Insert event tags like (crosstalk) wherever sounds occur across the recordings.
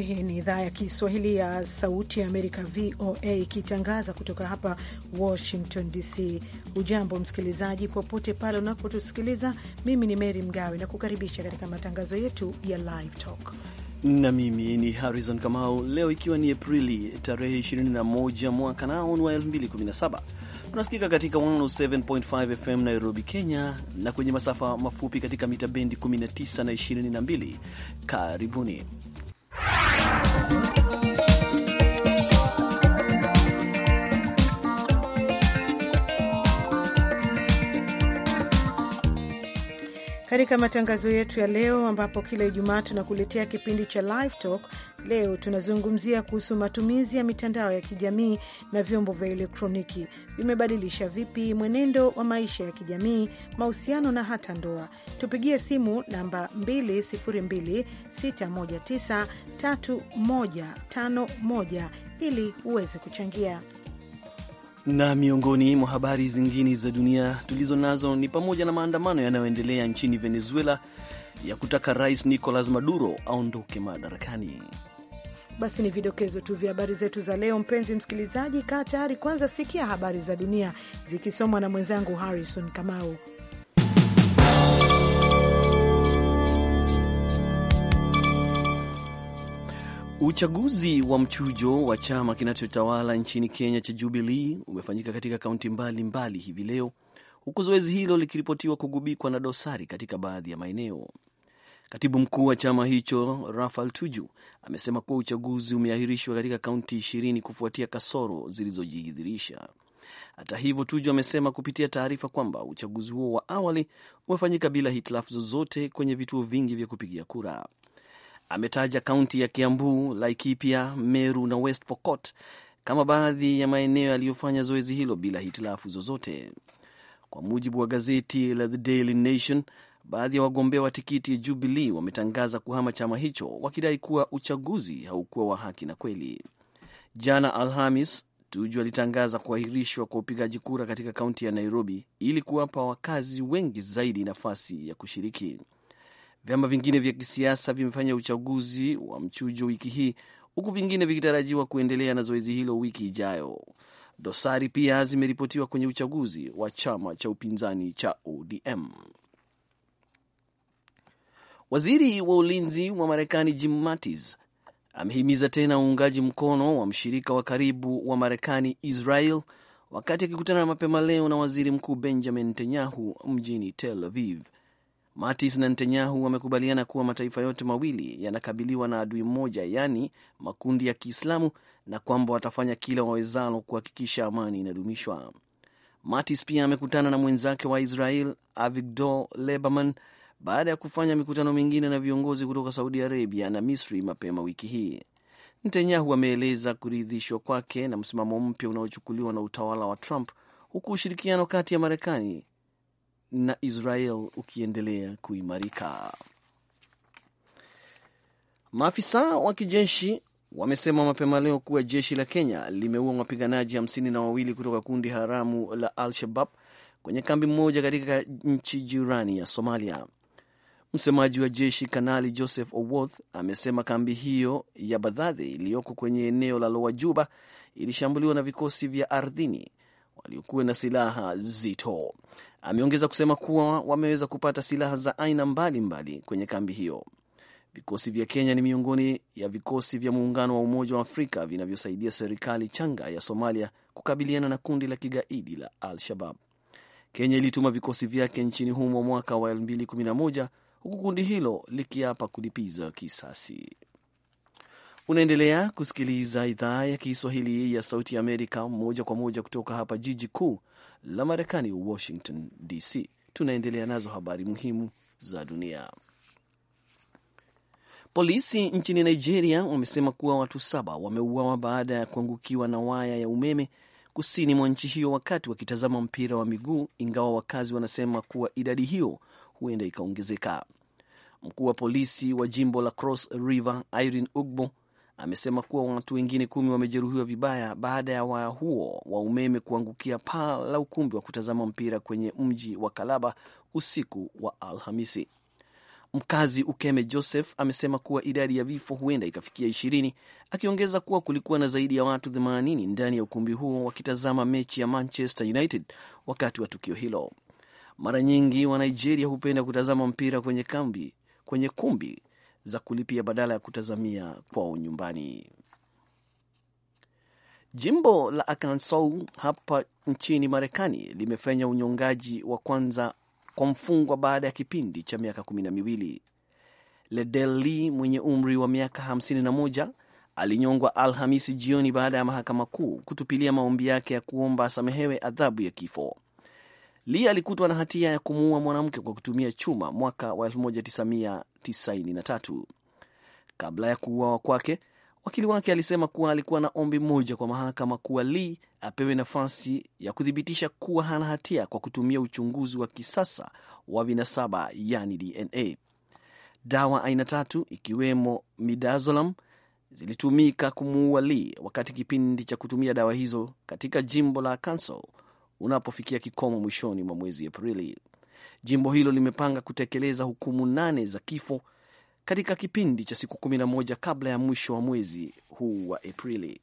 Hii ni idhaa ya Kiswahili ya Sauti ya Amerika, VOA, ikitangaza kutoka hapa Washington DC. Ujambo msikilizaji, popote pale unapotusikiliza. Mimi ni Mary Mgawe na kukaribisha katika matangazo yetu ya Live Talk na mimi ni Harrison Kamau. Leo ikiwa ni Aprili tarehe 21 mwaka nao ni wa 2017 tunasikika katika 107.5 FM Nairobi, Kenya, na kwenye masafa mafupi katika mita bendi 19 na 22. Karibuni. Thank you. katika matangazo yetu ya leo, ambapo kila Ijumaa tunakuletea kipindi cha Live Talk. Leo tunazungumzia kuhusu matumizi ya mitandao ya kijamii na vyombo vya elektroniki vimebadilisha vipi mwenendo wa maisha ya kijamii, mahusiano na hata ndoa. Tupigie simu namba 3151 ili uweze kuchangia. Na miongoni mwa habari zingine za dunia tulizo nazo ni pamoja na maandamano yanayoendelea nchini Venezuela ya kutaka Rais Nicolas Maduro aondoke madarakani. Basi ni vidokezo tu vya habari zetu za leo. Mpenzi msikilizaji, kaa tayari kwanza, sikia habari za dunia zikisomwa na mwenzangu Harrison Kamau. Uchaguzi wa mchujo wa chama kinachotawala nchini Kenya cha Jubilee umefanyika katika kaunti mbalimbali hivi leo, huku zoezi hilo likiripotiwa kugubikwa na dosari katika baadhi ya maeneo. Katibu mkuu wa chama hicho Rafal Tuju amesema kuwa uchaguzi umeahirishwa katika kaunti ishirini kufuatia kasoro zilizojidhihirisha. Hata hivyo, Tuju amesema kupitia taarifa kwamba uchaguzi huo wa awali umefanyika bila hitilafu zozote kwenye vituo vingi vya kupigia kura. Ametaja kaunti ya Kiambu, Laikipia, Meru na West Pokot kama baadhi ya maeneo yaliyofanya zoezi hilo bila hitilafu zozote. Kwa mujibu wa gazeti la The Daily Nation, baadhi ya wagombea wa tikiti ya Jubilee wametangaza kuhama chama hicho wakidai kuwa uchaguzi haukuwa wa haki na kweli. Jana Alhamis, Tuju alitangaza kuahirishwa kwa upigaji kura katika kaunti ya Nairobi ili kuwapa wakazi wengi zaidi nafasi ya kushiriki. Vyama vingine vya kisiasa vimefanya uchaguzi wa mchujo wiki hii huku vingine vikitarajiwa kuendelea na zoezi hilo wiki ijayo. Dosari pia zimeripotiwa kwenye uchaguzi wa chama cha upinzani cha ODM. Waziri wa ulinzi wa Marekani Jim Mattis amehimiza tena uungaji mkono wa mshirika wa karibu wa Marekani, Israel, wakati akikutana mapema leo na waziri mkuu Benjamin Netanyahu mjini Tel Aviv Mattis na Netanyahu wamekubaliana kuwa mataifa yote mawili yanakabiliwa na adui mmoja, yaani makundi ya Kiislamu, na kwamba watafanya kila wawezalo kuhakikisha amani inadumishwa. Mattis pia amekutana na mwenzake wa Israel Avigdor Lieberman baada ya kufanya mikutano mingine na viongozi kutoka Saudi Arabia na Misri mapema wiki hii. Netanyahu ameeleza kuridhishwa kwake na msimamo mpya unaochukuliwa na utawala wa Trump, huku ushirikiano kati ya Marekani na Israel ukiendelea kuimarika. Maafisa wa kijeshi wamesema mapema leo kuwa jeshi la Kenya limeua wapiganaji hamsini na wawili kutoka kundi haramu la Al-Shabab kwenye kambi moja katika nchi jirani ya Somalia. Msemaji wa jeshi Kanali Joseph oworth amesema kambi hiyo ya Badhadhi iliyoko kwenye eneo la Lowa Juba ilishambuliwa na vikosi vya ardhini waliokuwa na silaha zito. Ameongeza kusema kuwa wameweza kupata silaha za aina mbalimbali mbali kwenye kambi hiyo. Vikosi vya Kenya ni miongoni ya vikosi vya muungano wa Umoja wa Afrika vinavyosaidia serikali changa ya Somalia kukabiliana na kundi la kigaidi la Al-Shabab. Kenya ilituma vikosi vyake nchini humo mwaka wa 2011 huku kundi hilo likiapa kulipiza kisasi. Unaendelea kusikiliza idhaa ya Kiswahili ya Sauti ya Amerika moja kwa moja kutoka hapa jiji kuu la Marekani, Washington DC. Tunaendelea nazo habari muhimu za dunia. Polisi nchini Nigeria wamesema kuwa watu saba wameuawa baada ya kuangukiwa na waya ya umeme kusini mwa nchi hiyo wakati wakitazama mpira wa miguu, ingawa wakazi wanasema kuwa idadi hiyo huenda ikaongezeka. Mkuu wa polisi wa jimbo la Cross River Irene Ugbo amesema kuwa watu wengine kumi wamejeruhiwa vibaya baada ya waya huo wa umeme kuangukia paa la ukumbi wa kutazama mpira kwenye mji wa Kalaba usiku wa Alhamisi. Mkazi Ukeme Joseph amesema kuwa idadi ya vifo huenda ikafikia ishirini, akiongeza kuwa kulikuwa na zaidi ya watu 80 ndani ya ukumbi huo wakitazama mechi ya Manchester United wakati wa tukio hilo. Mara nyingi Wanigeria hupenda kutazama mpira kwenye kambi, kwenye kumbi za kulipia badala ya kutazamia kwao nyumbani. Jimbo la Arkansas hapa nchini Marekani limefanya unyongaji wa kwanza kwa mfungwa baada ya kipindi cha miaka kumi na miwili. ledelli Lee mwenye umri wa miaka 51 alinyongwa Alhamisi jioni baada ya mahakama kuu kutupilia maombi yake ya kuomba asamehewe adhabu ya kifo. Lee alikutwa na hatia ya kumuua mwanamke kwa kutumia chuma mwaka wa 1993. Kabla ya kuuawa kwake, wakili wake alisema kuwa alikuwa na ombi moja kwa mahakama kuwa Lee apewe nafasi ya kuthibitisha kuwa hana hatia kwa kutumia uchunguzi wa kisasa wa vinasaba, yani DNA. Dawa aina tatu ikiwemo midazolam zilitumika kumuua Lee wakati kipindi cha kutumia dawa hizo katika jimbo la Arkansas unapofikia kikomo mwishoni mwa mwezi Aprili. Jimbo hilo limepanga kutekeleza hukumu nane za kifo katika kipindi cha siku 11 kabla ya mwisho wa mwezi huu wa Aprili.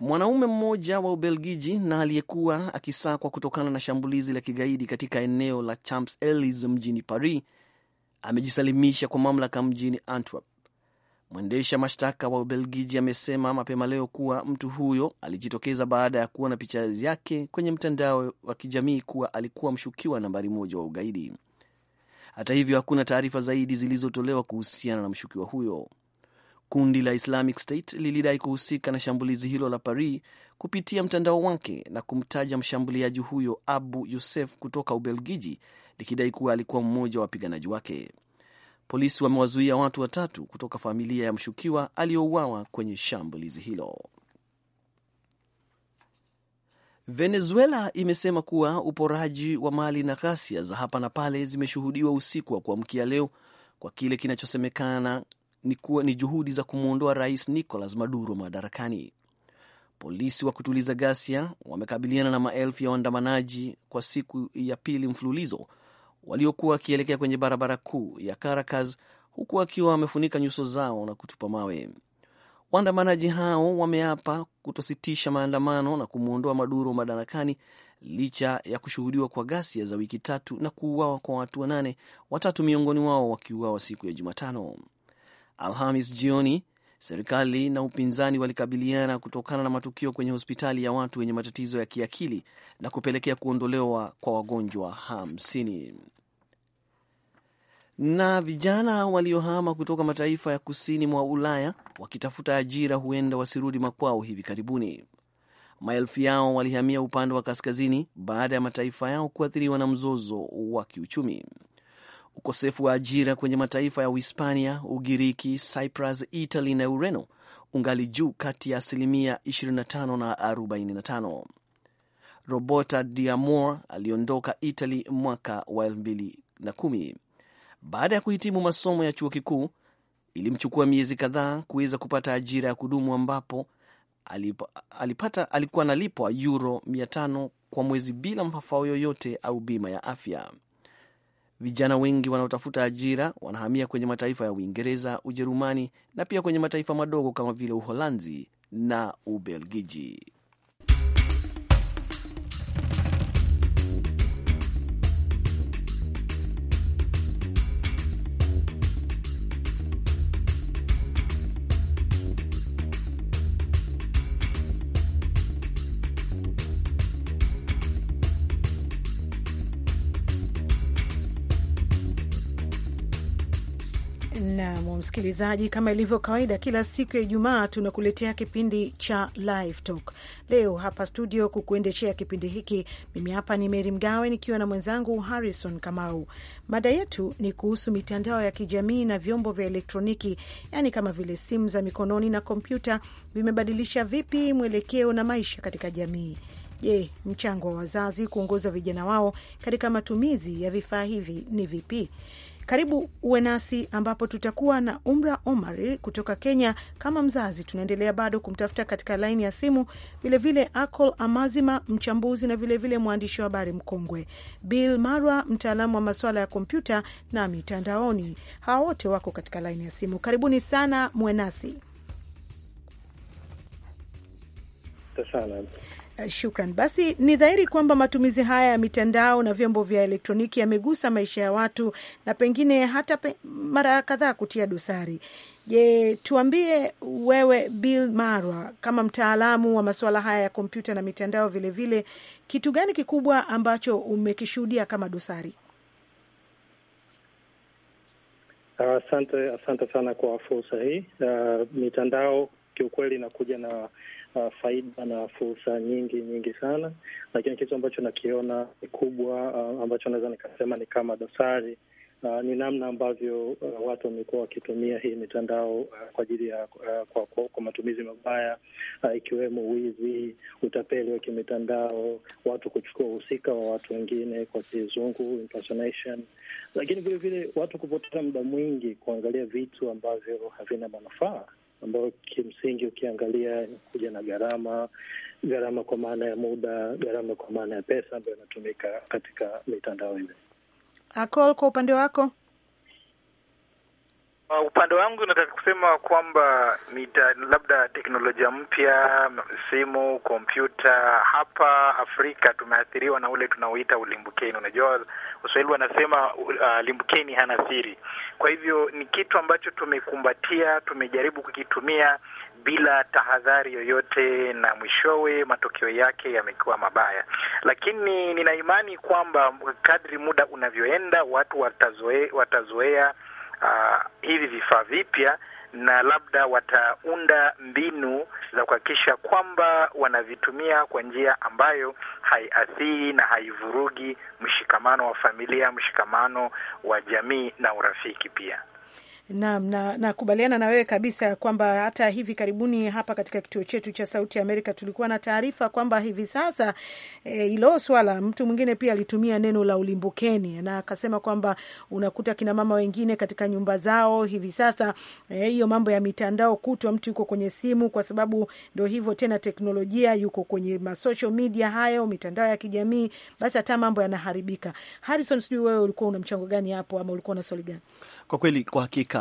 Mwanaume mmoja wa Ubelgiji na aliyekuwa akisakwa kutokana na shambulizi la kigaidi katika eneo la Champs Elysees mjini Paris amejisalimisha kwa mamlaka mjini Antwerp. Mwendesha mashtaka wa Ubelgiji amesema mapema leo kuwa mtu huyo alijitokeza baada ya kuona picha yake kwenye mtandao wa kijamii kuwa alikuwa mshukiwa nambari moja wa ugaidi. Hata hivyo, hakuna taarifa zaidi zilizotolewa kuhusiana na mshukiwa huyo. Kundi la Islamic State lilidai kuhusika na shambulizi hilo la Paris kupitia mtandao wake na kumtaja mshambuliaji huyo Abu Yusef kutoka Ubelgiji, likidai kuwa alikuwa mmoja wa wapiganaji wake polisi wamewazuia watu watatu kutoka familia ya mshukiwa aliyouawa kwenye shambulizi hilo. Venezuela imesema kuwa uporaji wa mali na ghasia za hapa na pale zimeshuhudiwa usiku wa kuamkia leo kwa kile kinachosemekana ni kuwa ni juhudi za kumwondoa rais Nicolas Maduro madarakani. Polisi wa kutuliza ghasia wamekabiliana na maelfu ya waandamanaji kwa siku ya pili mfululizo waliokuwa wakielekea kwenye barabara kuu ya Caracas huku wakiwa wamefunika nyuso zao na kutupa mawe. Waandamanaji hao wameapa kutositisha maandamano na kumwondoa Maduro madarakani licha ya kushuhudiwa kwa ghasia za wiki tatu na kuuawa kwa watu wanane, watatu miongoni wao wakiuawa siku ya Jumatano. Alhamis jioni serikali na upinzani walikabiliana kutokana na matukio kwenye hospitali ya watu wenye matatizo ya kiakili na kupelekea kuondolewa kwa wagonjwa hamsini na vijana waliohama kutoka mataifa ya kusini mwa Ulaya wakitafuta ajira huenda wasirudi makwao hivi karibuni. Maelfu yao walihamia upande wa kaskazini baada ya mataifa yao kuathiriwa na mzozo wa kiuchumi. Ukosefu wa ajira kwenye mataifa ya Uhispania, Ugiriki, Cyprus, Italy na Ureno ungali juu kati ya asilimia 25 na 45. Roberta diamor aliondoka Italy mwaka wa 2010. Baada ya kuhitimu masomo ya chuo kikuu, ilimchukua miezi kadhaa kuweza kupata ajira ya kudumu ambapo alipata, alikuwa analipwa euro 500 kwa mwezi bila mafao yoyote au bima ya afya. Vijana wengi wanaotafuta ajira wanahamia kwenye mataifa ya Uingereza, Ujerumani na pia kwenye mataifa madogo kama vile Uholanzi na Ubelgiji. Nam msikilizaji, kama ilivyo kawaida, kila siku ya Ijumaa tunakuletea kipindi cha Live Talk. Leo hapa studio kukuendeshea kipindi hiki, mimi hapa ni Meri Mgawe nikiwa na mwenzangu Harrison Kamau. Mada yetu ni kuhusu mitandao ya kijamii na vyombo vya elektroniki, yaani kama vile simu za mikononi na kompyuta, vimebadilisha vipi mwelekeo na maisha katika jamii. Je, mchango wa wazazi kuongoza vijana wao katika matumizi ya vifaa hivi ni vipi? Karibu uwe nasi ambapo tutakuwa na Umra Omari kutoka Kenya. Kama mzazi, tunaendelea bado kumtafuta katika laini ya simu, vilevile Acol Amazima, mchambuzi na vilevile mwandishi wa habari mkongwe, Bill Marwa, mtaalamu wa masuala ya kompyuta na mitandaoni. Hawa wote wako katika laini ya simu. Karibuni sana, muwe nasi. Eh, shukran. Basi ni dhahiri kwamba matumizi haya ya mitandao na vyombo vya elektroniki yamegusa maisha ya watu na pengine hata pe, mara kadhaa kutia dosari. Je, tuambie wewe Bill Marwa, kama mtaalamu wa masuala haya ya kompyuta na mitandao vilevile vile, kitu gani kikubwa ambacho umekishuhudia kama dosari? Asante, asante sana kwa fursa hii. Uh, mitandao kiukweli inakuja na uh, faida na fursa nyingi nyingi sana, lakini kitu ambacho nakiona kikubwa uh, ambacho naweza nikasema ni kama dosari Uh, ni namna ambavyo uh, watu wamekuwa wakitumia hii mitandao uh, kwa ajili ya uh, kwa, kwa, kwa matumizi mabaya uh, ikiwemo wizi, utapeli wa kimitandao, watu kuchukua uhusika wa watu wengine kwa kizungu impersonation, lakini vilevile watu kupoteza muda mwingi kuangalia vitu ambavyo havina manufaa ambayo kimsingi ukiangalia inakuja na gharama, gharama kwa maana ya muda, gharama kwa maana ya pesa ambayo inatumika katika mitandao hivi. Akol, ah, kwa upande wako Uh, upande wangu nataka kusema kwamba nita, labda teknolojia mpya, simu, kompyuta. Hapa Afrika tumeathiriwa na ule tunaoita ulimbukeni. Unajua Waswahili wanasema uh, limbukeni hana siri. Kwa hivyo ni kitu ambacho tumekumbatia, tumejaribu kukitumia bila tahadhari yoyote, na mwishowe matokeo yake yamekuwa mabaya. Lakini nina imani kwamba kadri muda unavyoenda watu watazoe, watazoea uh, hivi vifaa vipya na labda wataunda mbinu za kuhakikisha kwamba wanavitumia kwa njia ambayo haiathiri na haivurugi mshikamano wa familia, mshikamano wa jamii na urafiki pia. Naam, na nakubaliana na wewe kabisa kwamba hata hivi karibuni hapa katika kituo chetu cha Sauti ya Amerika tulikuwa na taarifa kwamba hivi sasa e, ilo swala, mtu mwingine pia alitumia neno la ulimbukeni na akasema kwamba unakuta kina mama wengine katika nyumba zao hivi sasa e, hiyo, e, mambo ya mitandao, kutwa mtu yuko kwenye simu, kwa sababu ndio hivyo tena, teknolojia, yuko kwenye masocial media hayo, mitandao ya kijamii, basi hata mambo yanaharibika. Harrison, sijui wewe ulikuwa una mchango gani hapo ama ulikuwa na swali gani? Kwa kweli, kwa hakika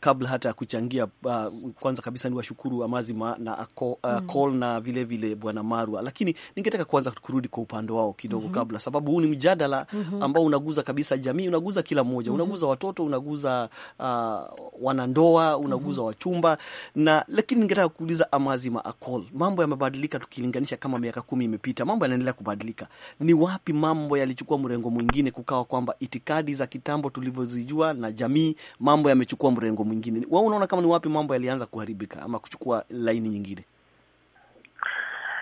kabla hata ya kuchangia uh, kwanza kabisa ni washukuru Amazima na Akol uh, mm. na vilevile Bwana Marwa, lakini ningetaka kwanza kurudi kwa upande wao kidogo mm -hmm. kabla, sababu huu ni mjadala mm -hmm. ambao unaguza kabisa jamii, unaguza kila mmoja mm -hmm. unaguza watoto, unaguza uh, wanandoa, unaguza mm -hmm. wachumba na, lakini ningetaka kuuliza Amazima Akol, mambo yamebadilika tukilinganisha kama miaka kumi imepita, mambo yanaendelea kubadilika. Ni wapi mambo yalichukua mrengo mwingine, kukawa kwamba itikadi za kitambo tulivyozijua na jamii, mambo yamechukua mrengo mwingine. Wewe unaona kama ni wapi mambo yalianza kuharibika ama kuchukua laini nyingine?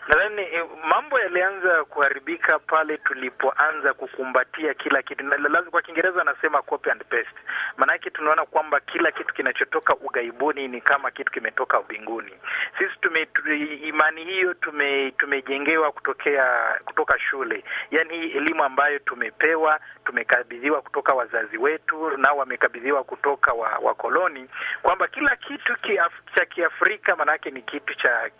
Nadhani eh, mambo yalianza kuharibika pale tulipoanza kukumbatia kila kitu, lazima kwa Kiingereza anasema copy and paste. Maanake tunaona kwamba kila kitu kinachotoka ughaibuni ni kama kitu kimetoka mbinguni. Sisi tume, imani hiyo tume, tumejengewa kutokea kutoka shule, yani hii elimu ambayo tumepewa, tumekabidhiwa kutoka wazazi wetu, nao wamekabidhiwa kutoka wakoloni wa kwamba kila kitu kia, cha Kiafrika maanake ni kitu cha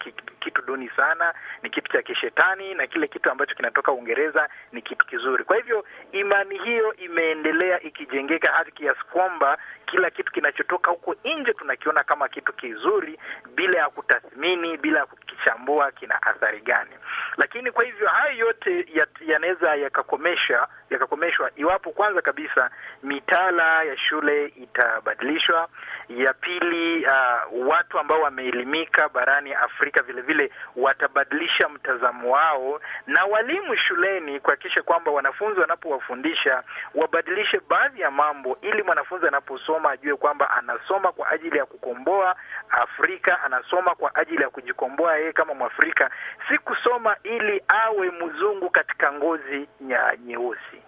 kitu duni sana ni kitu cha kishetani na kile kitu ambacho kinatoka Uingereza ni kitu kizuri. Kwa hivyo imani hiyo imeendelea ikijengeka hadi kiasi kwamba kila kitu kinachotoka huko nje tunakiona kama kitu kizuri bila ya kutathmini, bila ya kukichambua kina athari gani. Lakini kwa hivyo hayo yote yanaweza yakakomesha yakakomeshwa iwapo kwanza kabisa mitaala ya shule itabadilishwa. Ya pili, uh, watu ambao wameelimika barani Afrika vilevile watabadilisha kubadilisha mtazamo wao, na walimu shuleni kuhakikisha kwamba wanafunzi wanapowafundisha wabadilishe baadhi ya mambo, ili mwanafunzi anaposoma ajue kwamba anasoma kwa ajili ya kukomboa Afrika, anasoma kwa ajili ya kujikomboa yeye kama Mwafrika, si kusoma ili awe mzungu katika ngozi ya nyeusi.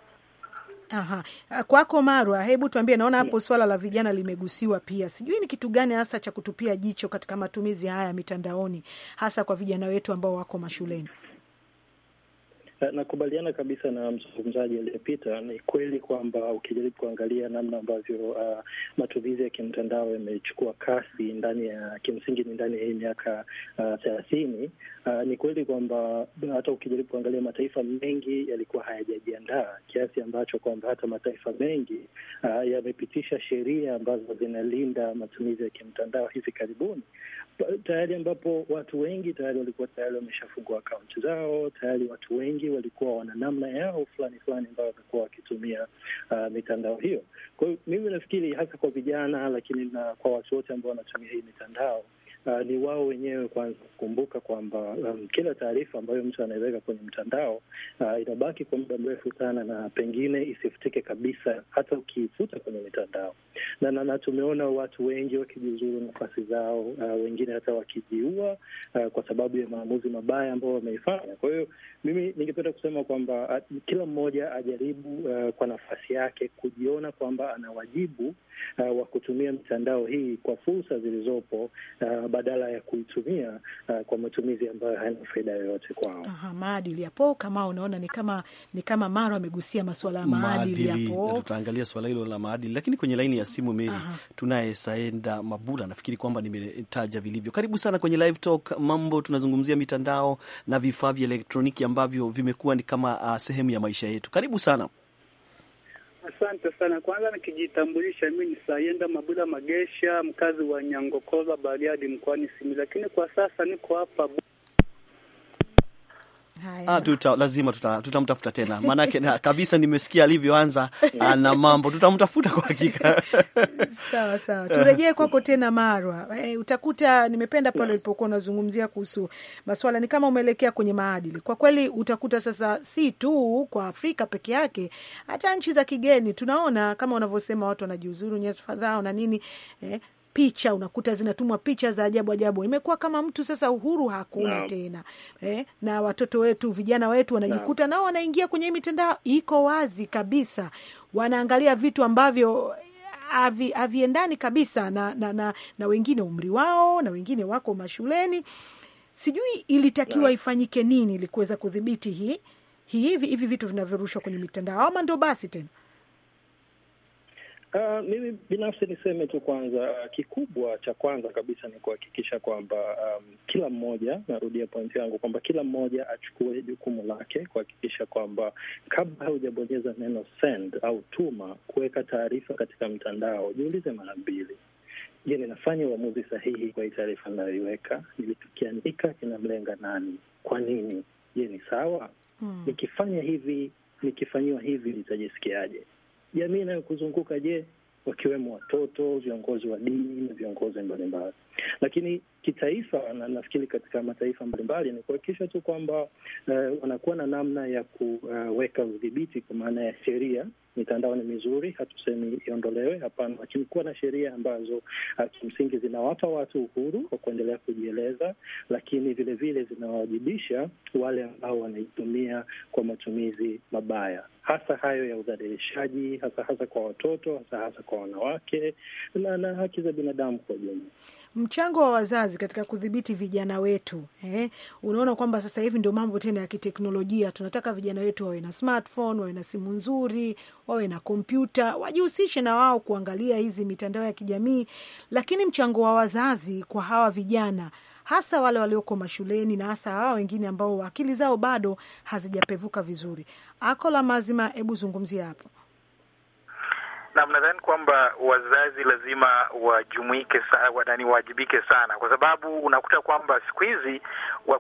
Aha. Ah, kwako Marwa, hebu tuambie, naona hapo swala la vijana limegusiwa pia, sijui ni kitu gani hasa cha kutupia jicho katika matumizi haya ya mitandaoni, hasa kwa vijana wetu ambao wako mashuleni? Nakubaliana kabisa na mzungumzaji aliyepita. Ni kweli kwamba ukijaribu kuangalia namna ambavyo uh, matumizi ya kimtandao yamechukua kasi ndani ya kimsingi ni ndani ya hii miaka uh, thelathini, uh, uh, ni kweli kwamba hata ukijaribu kuangalia mataifa mengi yalikuwa hayajajiandaa kiasi ambacho kwamba hata mataifa mengi uh, yamepitisha sheria ambazo zinalinda matumizi ya kimtandao hivi karibuni, tayari ambapo watu wengi tayari walikuwa tayari wameshafungua akaunti zao tayari. Watu wengi walikuwa wana namna yao fulani fulani ambayo wamekuwa wakitumia uh, mitandao hiyo. Kwa hiyo mimi nafikiri hasa kwa vijana, lakini na kwa watu wote ambao wanatumia hii mitandao uh, ni wao wenyewe kwanza kukumbuka kwamba um, kila taarifa ambayo mtu anaiweka kwenye mtandao uh, inabaki kwa muda mrefu sana, na pengine isifutike kabisa hata ukiifuta kwenye mitandao. Na, na, na tumeona watu wengi wakijiuzuru nafasi zao, uh, wengine hata wakijiua uh, kwa sababu ya maamuzi mabaya ambao wameifanya. Kwa hiyo mimi ningependa kusema kwamba uh, kila mmoja ajaribu uh, kwa nafasi yake kujiona kwamba ana wajibu uh, wa kutumia mitandao hii kwa fursa zilizopo uh, badala ya kuitumia uh, kwa matumizi ambayo hayana faida yoyote kwao. Aha, maadili yapo kama unaona ni kama ni kama mara amegusia masuala ya maadili tutaangalia swala hilo la maadili, lakini kwenye laini ya simu Meri tunaye Saenda Mabula, nafikiri kwamba nimetaja vilivyo. Karibu sana kwenye Live Talk. Mambo tunazungumzia mitandao na vifaa vya elektroniki ambavyo vimekuwa ni kama uh, sehemu ya maisha yetu. Karibu sana. Asante sana. Kwanza nikijitambulisha, mimi ni Sayenda Mabula Magesha, mkazi wa Nyangokola, Bariadi, mkoani Simi, lakini kwa sasa niko hapa Ah, tuta, lazima tutamtafuta tuta tena maanake kabisa nimesikia alivyoanza ah, na mambo, tutamtafuta kwa hakika. (laughs) Sawa sawa, turejee kwako tena Marwa. E, utakuta nimependa pale ulipokuwa unazungumzia kuhusu maswala ni kama umeelekea kwenye maadili. Kwa kweli utakuta sasa si tu kwa Afrika peke yake, hata nchi za kigeni tunaona kama unavyosema, watu wanajiuzuru nyadhifa zao na nini eh, picha, unakuta zinatumwa picha za ajabu ajabu. Imekuwa kama mtu sasa, uhuru hakuna no. tena eh, na watoto wetu vijana wetu wanajikuta no. nao wanaingia kwenye mitandao iko wazi kabisa, wanaangalia vitu ambavyo eh, haviendani kabisa na, na, na, na wengine umri wao na wengine wako mashuleni. Sijui ilitakiwa no. ifanyike nini ili kuweza kudhibiti hii hii hivi hivi vitu vinavyorushwa kwenye mitandao ama ndo basi tena Uh, mimi binafsi niseme tu kwanza, uh, kikubwa cha kwanza kabisa ni kuhakikisha kwamba um, kila mmoja, narudia pointi yangu kwamba kila mmoja achukue jukumu lake kuhakikisha kwamba kabla haujabonyeza neno send au tuma, kuweka taarifa katika mtandao, jiulize mara mbili. Je, ninafanya uamuzi sahihi kwa hii taarifa inayoiweka? Nilikiandika kinamlenga nani? Kwa nini? Je, ni sawa? Hmm. Nikifanya hivi, nikifanyiwa hivi nitajisikiaje? jamii inayokuzunguka je, wakiwemo watoto, viongozi wa dini na viongozi mbalimbali. Lakini kitaifa, na nafikiri katika mataifa mbalimbali, ni kuhakikisha tu kwamba uh, wanakuwa na namna ya kuweka udhibiti kwa maana ya sheria mitandao ni mizuri, hatusemi iondolewe, hapana, lakini kuwa na sheria ambazo uh, kimsingi zinawapa watu uhuru wa kuendelea kujieleza, lakini vilevile zinawawajibisha wale ambao wanaitumia kwa matumizi mabaya hasa hayo ya udhalilishaji, hasa hasa kwa watoto, hasa hasa kwa wanawake na, na haki za binadamu kwa ujumla. Mchango wa wazazi katika kudhibiti vijana wetu eh? Unaona kwamba sasa hivi ndio mambo tena ya kiteknolojia, tunataka vijana wetu wawe na smartphone, wawe na simu nzuri, wawe na kompyuta, wajihusishe na wao kuangalia hizi mitandao ya kijamii. Lakini mchango wa wazazi kwa hawa vijana hasa wale walioko mashuleni na hasa hawa wengine ambao akili zao bado hazijapevuka vizuri, ako la mazima, hebu zungumzia hapo. Nam, nadhani kwamba wazazi lazima wajumuike sana, wajibike sana, kwa sababu unakuta kwamba siku hizi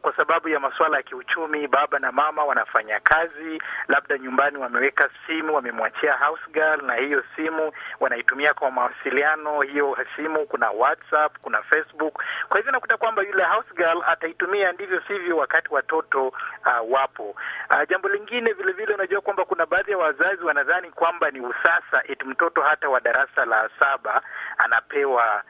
kwa sababu ya masuala ya kiuchumi, baba na mama wanafanya kazi, labda nyumbani wameweka simu, wamemwachia house girl, na hiyo simu wanaitumia kwa mawasiliano. Hiyo simu kuna WhatsApp, kuna Facebook. Kwa hivyo unakuta kwamba yule house girl ataitumia ndivyo sivyo wakati watoto uh, wapo. Uh, jambo lingine vilevile, unajua kwamba kuna baadhi ya wazazi wanadhani kwamba ni usasa eti mtoto mtoto hata wa darasa la saba anapewa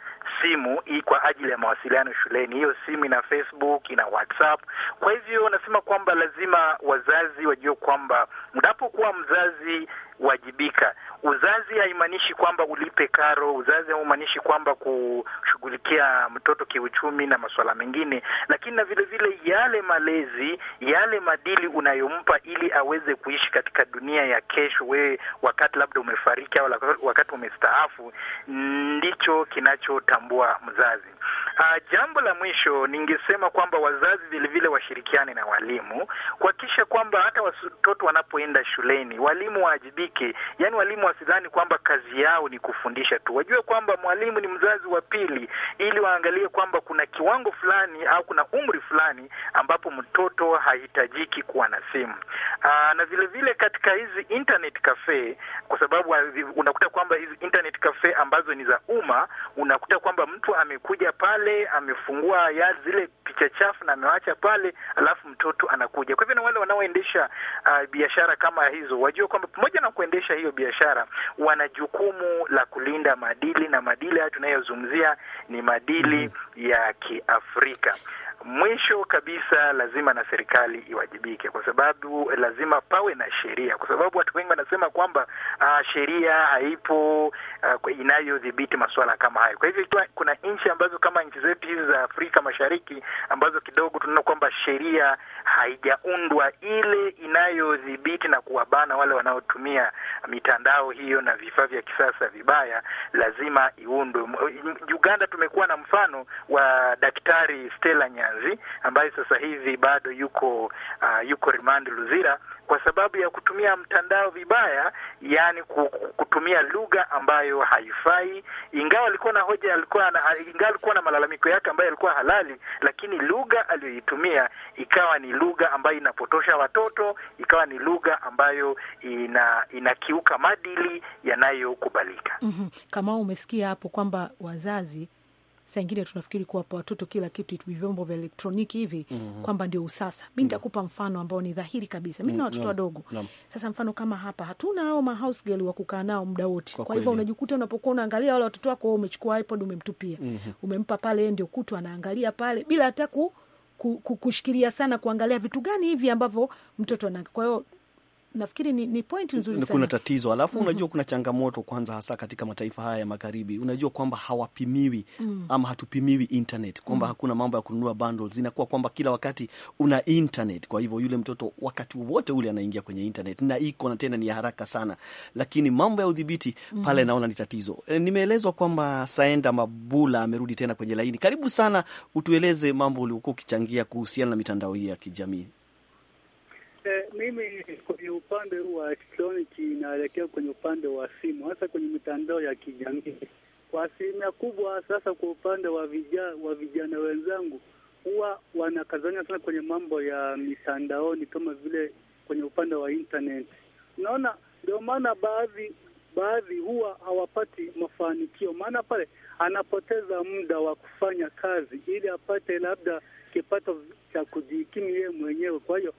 simu hii kwa ajili ya mawasiliano shuleni. Hiyo simu ina Facebook, ina WhatsApp. Kwa hivyo nasema kwamba lazima wazazi wajue kwamba mnapokuwa mzazi kuwajibika. Uzazi haimaanishi kwamba ulipe karo, uzazi haumaanishi kwamba kushughulikia mtoto kiuchumi na masuala mengine, lakini na vile vile yale malezi, yale madili unayompa ili aweze kuishi katika dunia ya kesho, wewe wakati labda umefariki au wakati umestaafu, ndicho kinachotambua mzazi. Uh, jambo la mwisho ningesema kwamba wazazi vile vile washirikiane na walimu kuhakikisha kwamba hata watoto wanapoenda shuleni walimu waajibike hiki. Yani walimu wasidhani kwamba kazi yao ni kufundisha tu, wajue kwamba mwalimu ni mzazi wa pili, ili waangalie kwamba kuna kiwango fulani au kuna umri fulani ambapo mtoto hahitajiki kuwa na simu. Aa, ah, na vile vile katika hizi internet cafe, kwa sababu unakuta kwamba hizi internet cafe ambazo ni za umma, unakuta kwamba mtu amekuja pale amefungua ya zile picha chafu na amewacha pale, alafu mtoto anakuja. Kwa hivyo na wale wanaoendesha uh, biashara kama hizo wajue kwamba pamoja na kuendesha hiyo biashara wana jukumu la kulinda maadili, na maadili haya tunayozungumzia ni maadili mm. ya Kiafrika. Mwisho kabisa, lazima na serikali iwajibike, kwa sababu lazima pawe na sheria, kwa sababu watu wengi wanasema kwamba uh, sheria haipo uh, inayodhibiti masuala kama hayo. Kwa hivyo ikiwa kuna nchi ambazo kama nchi zetu hizi za Afrika Mashariki ambazo kidogo tunaona kwamba sheria haijaundwa ile inayodhibiti na kuwabana wale wanaotumia mitandao hiyo na vifaa vya kisasa vibaya, lazima iundwe. Uganda tumekuwa na mfano wa Daktari Stella Nyanzi Mwanzi ambaye sasa hivi bado yuko uh, yuko remand Luzira kwa sababu ya kutumia mtandao vibaya, yani kutumia lugha ambayo haifai. Ingawa alikuwa na hoja, alikuwa na ingawa alikuwa na malalamiko yake ambayo alikuwa halali, lakini lugha aliyoitumia ikawa ni lugha ambayo inapotosha watoto, ikawa ni lugha ambayo ina inakiuka maadili yanayokubalika. Mm -hmm. Kama umesikia hapo kwamba wazazi saa ingine tunafikiri kuwapa watoto kila kitu vyombo vya elektroniki hivi mm -hmm. kwamba ndio usasa. Mi mhm. nitakupa mfano ambao ni dhahiri kabisa. Mi mm, na watoto mm -hmm. wadogo mm -hmm. Sasa mfano kama hapa hatuna hao ma house girl wa kukaa nao muda wote, kwa hivyo unajikuta unapokuwa unaangalia wale watoto wako, umechukua iPod umemtupia, mm -hmm. umempa pale, ndio kutu anaangalia pale bila hata ku kushikilia sana kuangalia vitu gani hivi ambavyo mtoto ana. Kwa hiyo nafikiri ni, ni point nzuri sana. Kuna tatizo alafu, mm -hmm. Unajua kuna changamoto kwanza, hasa katika mataifa haya ya magharibi, unajua kwamba hawapimiwi mm ama hatupimiwi internet kwamba mm hakuna mambo ya kununua bundles, inakuwa kwamba kila wakati una internet. Kwa hivyo yule mtoto wakati wote ule anaingia kwenye internet na iko na tena ni haraka sana, lakini mambo ya udhibiti mm -hmm. pale naona ni tatizo. E, nimeelezwa kwamba Saenda Mabula amerudi tena kwenye laini. Karibu sana, utueleze mambo uliokuwa ukichangia kuhusiana na mitandao hii ya kijamii mimi kwenye upande huu wa elektroniki inaelekea kwenye upande wa simu, hasa kwenye mitandao ya kijamii kwa asilimia kubwa. Sasa kwa upande wa vijana, wa vijana wenzangu huwa wanakazania sana kwenye mambo ya mitandaoni kama vile kwenye upande wa internet. Unaona, ndio maana baadhi baadhi huwa hawapati mafanikio, maana pale anapoteza muda wa kufanya kazi ili apate labda kipato cha kujikimu yeye mwenyewe. Kwa hiyo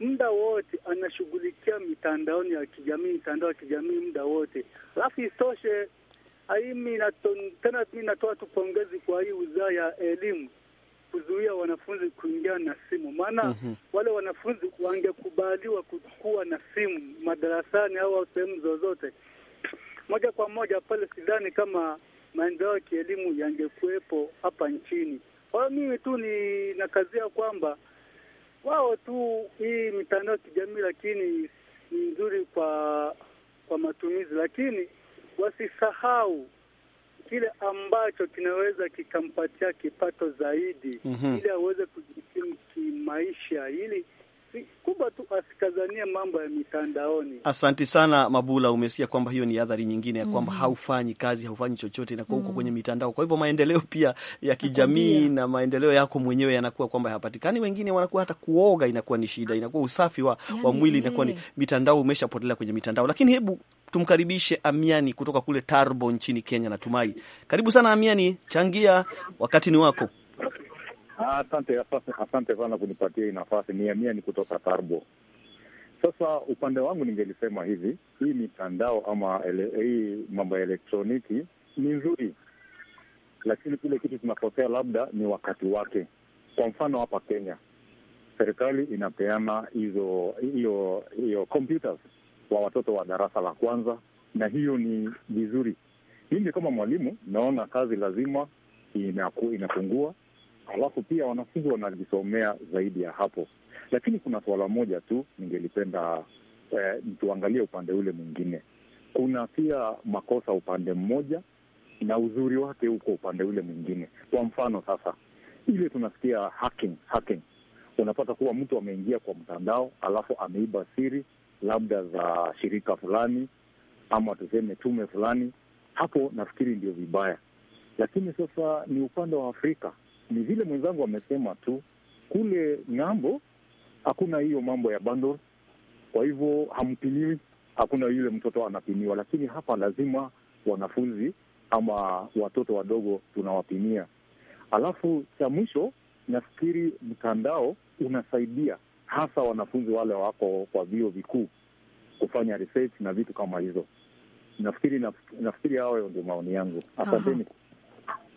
muda wote anashughulikia mitandaoni ya kijamii, mitandao ya kijamii muda wote. Alafu isitoshe aimi tena, mi natoa tu pongezi kwa hii wizara ya elimu kuzuia wanafunzi kuingia na simu, maana mm -hmm. wale wanafunzi wangekubaliwa kuwa na simu madarasani au sehemu zozote moja kwa moja pale, sidhani kama maendeleo ya kielimu yangekuwepo hapa nchini. Kwa hiyo mimi tu ninakazia kwamba wao tu hii mitandao ya kijamii, lakini ni nzuri kwa kwa matumizi, lakini wasisahau kile ambacho kinaweza kikampatia kipato zaidi, mm -hmm. ili aweze kujikimu kimaisha, ili kubwa tu asikazanie mambo ya mitandaoni. Asanti sana Mabula, umesikia kwamba hiyo ni adhari nyingine ya kwamba mm haufanyi kazi, haufanyi chochote, inakuwa mm uko mm-hmm. kwenye mitandao. Kwa hivyo maendeleo pia ya kijamii na maendeleo yako mwenyewe yanakuwa kwamba hayapatikani. Wengine wanakuwa hata kuoga inakuwa ni shida, inakuwa usafi wa, yani, wa mwili inakuwa ni mitandao, umeshapotelea kwenye mitandao. Lakini hebu tumkaribishe Amiani kutoka kule Tarbo nchini Kenya. Natumai karibu sana Amiani, changia, wakati ni wako. Asante, asante sana kunipatia hii nafasi. Niamia ni kutoka Tarbo. Sasa upande wangu ningelisema hivi, hii mitandao ama hii mambo ya elektroniki ni nzuri, lakini kile kitu tunakosea labda ni wakati wake. Kwa mfano hapa Kenya serikali inapeana hizo hiyo hiyo computers kwa watoto wa darasa la kwanza, na hiyo ni vizuri. Mimi kama mwalimu naona kazi lazima inaku, inapungua alafu pia wanafunzi wanajisomea zaidi ya hapo. Lakini kuna suala moja tu ningelipenda eh, tuangalie upande ule mwingine. Kuna pia makosa upande mmoja na uzuri wake huko upande ule mwingine. Kwa mfano sasa, ile tunasikia hacking, hacking, unapata kuwa mtu ameingia kwa mtandao alafu ameiba siri labda za shirika fulani ama tuseme tume fulani. Hapo nafikiri ndio vibaya, lakini sasa ni upande wa Afrika ni vile mwenzangu amesema tu, kule ng'ambo hakuna hiyo mambo ya bando kwa hivyo hampimiwi, hakuna yule mtoto anapimiwa, lakini hapa lazima wanafunzi ama watoto wadogo tunawapimia. Alafu cha mwisho, nafikiri mtandao unasaidia hasa wanafunzi wale wako kwa vio vikuu kufanya research na vitu kama hizo. Nafikiri nafikiri hayo ndio maoni yangu. Asanteni.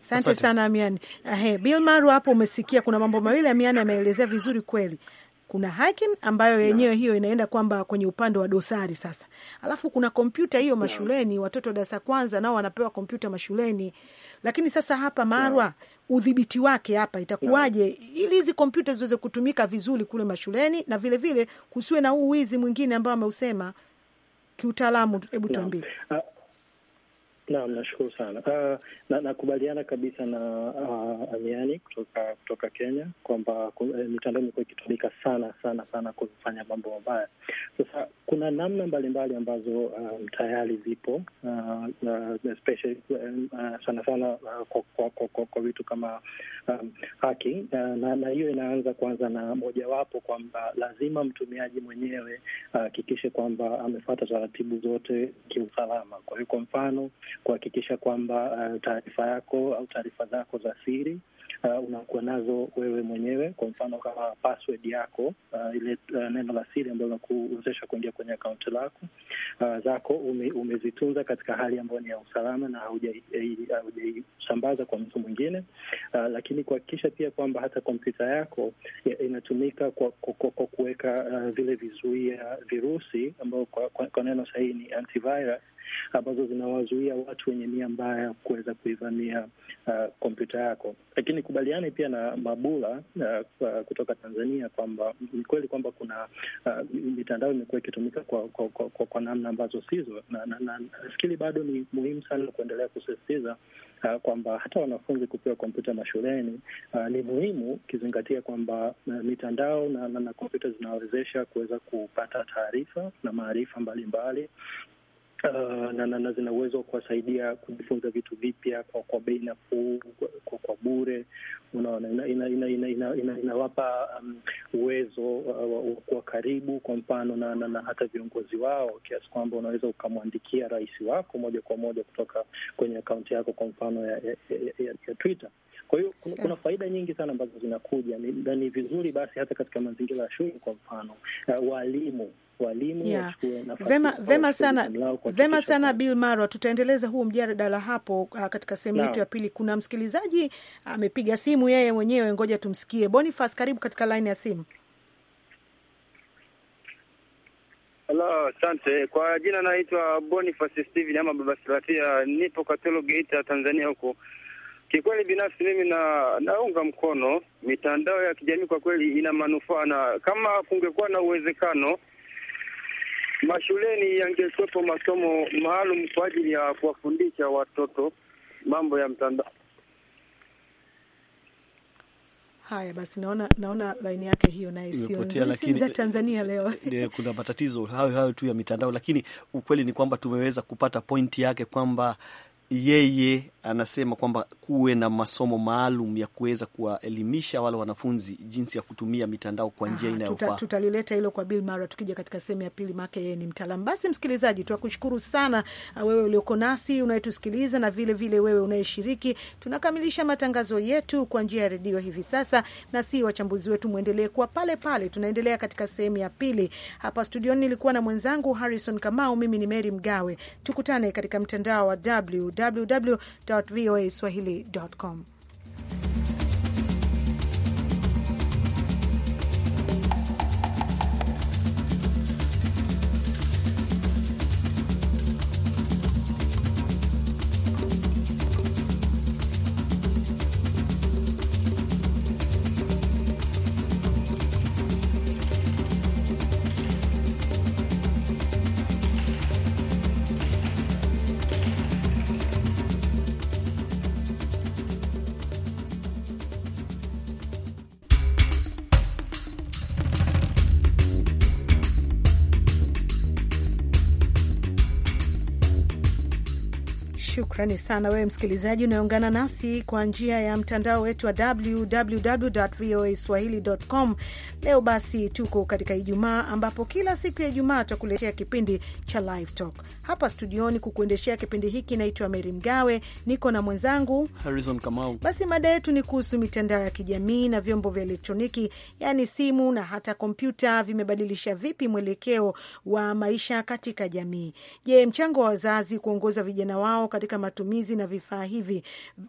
Asante sana Amiani. Ehe, Bilmaru hapo umesikia kuna mambo mawili Amiani ameelezea vizuri kweli kuna hacking ambayo yenyewe no. hiyo inaenda kwamba kwenye upande wa dosari sasa, alafu kuna kompyuta hiyo mashuleni no. watoto wa darasa kwanza nao wanapewa kompyuta mashuleni, lakini sasa hapa Marwa no. udhibiti wake hapa itakuwaje no. ili hizi kompyuta ziweze kutumika vizuri kule mashuleni na vile vile kusiwe na huu wizi mwingine ambao ameusema kiutaalamu, hebu tuambie no. Uh, Naam, nashukuru sana. Uh, nakubaliana na kabisa na uh, Amiani kutoka kutoka Kenya kwamba eh, mitandao imekuwa ikitumika sana sana sana kufanya mambo mabaya. Sasa kuna namna mbalimbali ambazo um, tayari zipo uh, uh, especially uh, sana sana uh, kwa, kwa, kwa, kwa, kwa vitu kama um, hacking uh, na hiyo inaanza kwanza na mojawapo kwamba lazima mtumiaji mwenyewe ahakikishe uh, kwamba amefuata taratibu zote kiusalama. Kwa hiyo kwa mfano kuhakikisha kwamba uh, taarifa yako au taarifa zako za siri uh, unakuwa nazo wewe mwenyewe. Kwa mfano kama password yako uh, ile uh, neno la siri ambayo unakuwezesha kuingia kwenye akaunti lako uh, zako ume, umezitunza katika hali ambayo ni ya usalama na haujaisambaza eh, kwa mtu mwingine uh, lakini kuhakikisha pia kwamba hata kompyuta yako inatumika kwa, kwa, kwa, kwa kuweka uh, vile vizuia virusi ambayo kwa, kwa, kwa neno sahihi ni antivirus ambazo zinawazuia watu wenye nia mbaya kuweza kuivamia uh, kompyuta yako, lakini nikubaliane pia na Mabula uh, kutoka Tanzania kwamba ni kweli kwamba kuna uh, mitandao imekuwa ikitumika kwa, kwa, kwa, kwa, kwa namna ambazo sizo, na nafikiri na, na, bado ni muhimu sana kuendelea kusisitiza uh, kwamba hata wanafunzi kupewa kompyuta mashuleni uh, ni muhimu ukizingatia kwamba uh, mitandao na, na, na kompyuta zinawezesha kuweza kupata taarifa na maarifa mbalimbali Eh, na, na, na zina uwezo wa kuwasaidia kujifunza vitu vipya kwa, kwa bei nafuu kwa, kwa, kwa bure. Unaona, inawapa ina, ina, ina, ina, ina, ina um, uwezo uh, wa kuwa karibu kwa mfano na, na, na hata viongozi wao, kiasi kwamba unaweza ukamwandikia rais wako moja kwa moja kutoka kwenye akaunti yako kwa mfano ya, ya, ya, ya, ya Twitter. Kwa hiyo kuna, kuna faida nyingi sana ambazo zinakuja na ni vizuri basi hata katika mazingira ya shule kwa mfano uh, walimu walimu yeah. Vema, vema sana, vema sana Bill Marwa, tutaendeleza huu mjadala hapo uh, katika sehemu yetu ya pili. Kuna msikilizaji amepiga simu yeye mwenyewe, ngoja tumsikie. Bonifas, karibu katika laini ya simu. Halo, asante kwa jina, naitwa Bonifas Steven ama Baba nipo Katoro Geita, Tanzania huko Kikweli binafsi mimi na naunga mkono mitandao ya kijamii, kwa kweli ina manufaa, na kama kungekuwa na uwezekano mashuleni yangekuwepo masomo maalum kwa ajili ya kuwafundisha watoto mambo ya mtandao. Haya basi, naona naona laini yake hiyo naye sio za Tanzania leo. (laughs) Eh, kuna matatizo hayo hayo tu ya mitandao, lakini ukweli ni kwamba tumeweza kupata pointi yake kwamba yeye anasema kwamba kuwe na masomo maalum ya kuweza kuwaelimisha wale wanafunzi jinsi ya kutumia mitandao kwa njia inayofaa. Tuta, hilo kwa Bill Mara tukija katika sehemu ya pili, make yeye ni mtaalam. Basi msikilizaji, tunakushukuru sana uh, wewe ulioko nasi unayetusikiliza na vile vile wewe unayeshiriki. Tunakamilisha matangazo yetu kwa njia ya redio hivi sasa, na si wachambuzi wetu mwendelee kuwa pale pale, tunaendelea katika sehemu ya pili. Hapa studioni nilikuwa na mwenzangu Harrison Kamau, mimi ni Mary Mgawe. Tukutane katika mtandao wa www www.voaswahili.com. Shukrani sana wewe msikilizaji unayoungana nasi kwa njia ya mtandao wetu wa www voa swahili.com. Leo basi tuko katika Ijumaa, ambapo kila siku ya Ijumaa tutakuletea kipindi cha Live Talk hapa studioni. Kukuendeshea kipindi hiki naitwa Meri Mgawe, niko na mwenzangu Harrison Kamau. Basi mada yetu ni kuhusu mitandao ya kijamii na vyombo vya elektroniki, yaani simu na hata kompyuta, vimebadilisha vipi mwelekeo wa maisha katika jamii. Je, mchango wa wazazi kuongoza vijana wao katika katika matumizi na vifaa hivi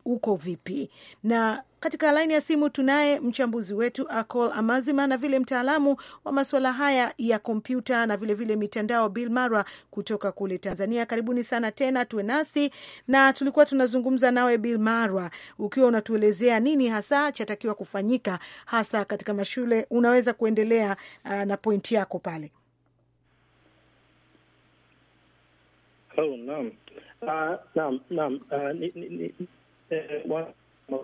uko vipi? Na katika laini ya simu tunaye mchambuzi wetu Acol Amazima na vile mtaalamu wa masuala haya ya kompyuta na vilevile vile mitandao Bill Marwa kutoka kule Tanzania. Karibuni sana tena, tuwe nasi na tulikuwa tunazungumza nawe Bill Marwa ukiwa unatuelezea nini hasa chatakiwa kufanyika hasa katika mashule. Unaweza kuendelea uh, na pointi yako pale. Oh, naam. Ah, naam, naam, ah, eh,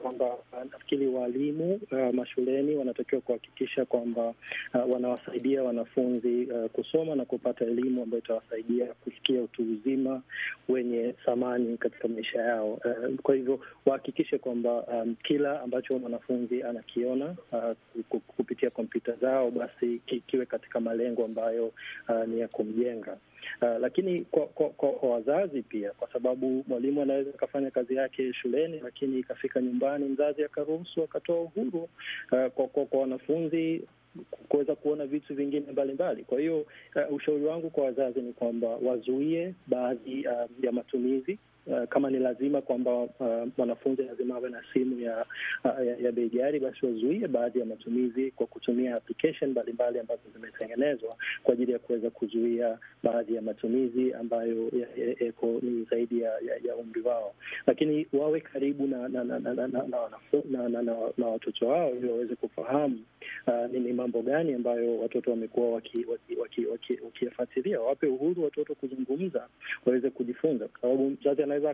kwamba ah, nafikiri waalimu uh, mashuleni wanatakiwa kuhakikisha kwamba uh, wanawasaidia wanafunzi uh, kusoma na kupata elimu ambayo itawasaidia kufikia utu uzima wenye thamani katika maisha yao. Uh, kwa hivyo wahakikishe kwamba um, kila ambacho mwanafunzi anakiona uh, kupitia kompyuta zao basi kiwe katika malengo ambayo uh, ni ya kumjenga. Uh, lakini kwa, kwa, kwa, kwa wazazi pia, kwa sababu mwalimu anaweza akafanya kazi yake shuleni, lakini ikafika nyumbani mzazi akaruhusu akatoa uhuru uh, kwa, kwa, kwa wanafunzi kuweza kuona vitu vingine mbalimbali. Kwa hiyo uh, ushauri wangu kwa wazazi ni kwamba wazuie baadhi uh, ya matumizi Uh, kama ni lazima kwamba mwanafunzi uh, lazima awe na simu ya, uh, ya, ya bei ghali, basi wazuie baadhi ya matumizi kwa kutumia application mbalimbali ambazo zimetengenezwa kwa ajili ya kuweza kuzuia baadhi ya matumizi ambayo yako ya, ya, ni zaidi ya, ya, ya umri wao, lakini wawe karibu na na na, na, na, na, na, na, na, na, na watoto wao ili waweze kufahamu uh, ni mambo gani ambayo watoto wamekuwa wakiyafatilia wape wawape uhuru watoto kuzungumza, waweze kujifunza, kwa sababu mzazi anaweza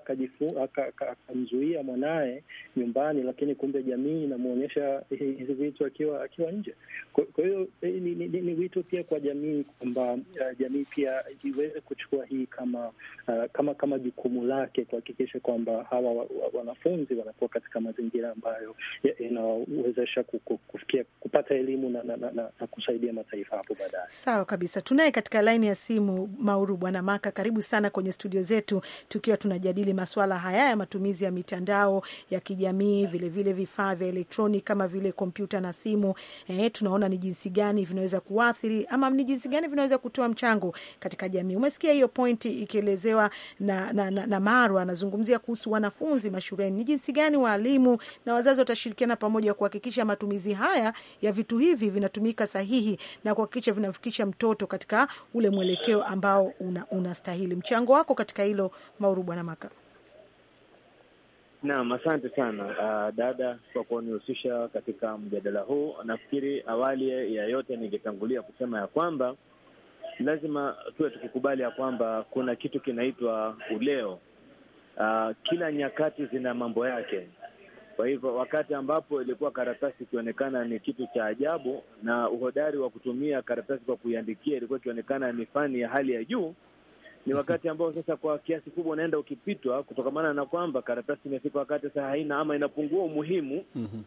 akamzuia mwanaye nyumbani, lakini kumbe jamii inamwonyesha hizi vitu akiwa akiwa nje. Kwa hiyo eh, ni, ni, ni, ni wito pia kwa jamii kwamba uh, jamii pia iweze kuchukua hii kama uh, kama kama jukumu lake kuhakikisha kwamba hawa wanafunzi wanakuwa katika mazingira ambayo yanawawezesha kufikia kupata elimu na, na, na, na, na kusaidia mataifa hapo baadaye. Sawa kabisa. Tunaye katika laini ya simu Mauru Bwana Maka, karibu sana kwenye studio zetu, tukiwa tunajadili maswala haya ya matumizi ya mitandao ya kijamii, vilevile vifaa vya elektroni kama vile kompyuta na simu. Eh, tunaona ni jinsi gani vinaweza kuathiri ama ni jinsi gani vinaweza kutoa mchango katika jamii. Umesikia hiyo pointi ikielezewa na, na, na, na Maru anazungumzia kuhusu wanafunzi mashuleni, ni jinsi gani waalimu na wazazi watashirikiana pamoja kuhakikisha matumizi haya ya vitu hivi vina vinatumika sahihi na kuhakikisha vinamfikisha mtoto katika ule mwelekeo ambao unastahili. Una mchango wako katika hilo Mauru Bwana Maka. Naam, asante sana uh, dada kwa kunihusisha katika mjadala huu. Nafikiri awali ya yote ningetangulia kusema ya kwamba lazima tuwe tukikubali ya kwamba kuna kitu kinaitwa uleo. Uh, kila nyakati zina mambo yake. Kwa hivyo wakati ambapo ilikuwa karatasi ikionekana ni kitu cha ajabu na uhodari wa kutumia karatasi kwa kuiandikia ilikuwa ikionekana ni fani ya hali ya juu, ni mhm. wakati ambao sasa kwa kiasi kubwa unaenda ukipitwa, kutokamana na kwamba karatasi imefika wakati sasa haina ama inapungua umuhimu mm -hmm.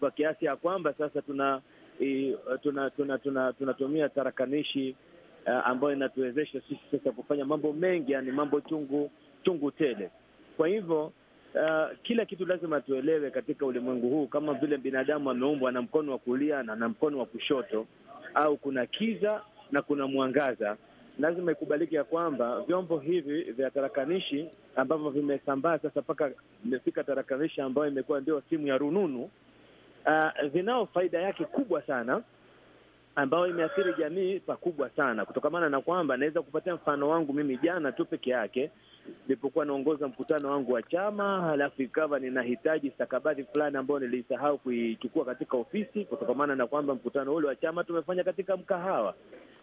kwa kiasi ya kwamba sasa tuna i, tuna tunatumia tuna, tuna, tuna tarakanishi uh, ambayo inatuwezesha sisi sasa kufanya mambo mengi, yani mambo chungu chungu tele. Kwa hivyo uh, kila kitu lazima tuelewe katika ulimwengu huu, kama vile binadamu ameumbwa na mkono wa kulia na na mkono wa kushoto, au kuna kiza na kuna mwangaza. Lazima ikubaliki ya kwamba vyombo hivi vya tarakanishi ambavyo vimesambaa sasa mpaka imefika tarakanishi ambayo imekuwa ndio simu ya rununu uh, vinao faida yake kubwa sana ambayo imeathiri jamii pakubwa sana, kutokamana na kwamba naweza kupatia mfano wangu mimi jana tu peke yake nilipokuwa naongoza mkutano wangu wa chama, halafu ikawa ninahitaji stakabadhi fulani ambayo nilisahau kuichukua katika ofisi, kutokamana na kwamba mkutano ule wa chama tumefanya katika mkahawa.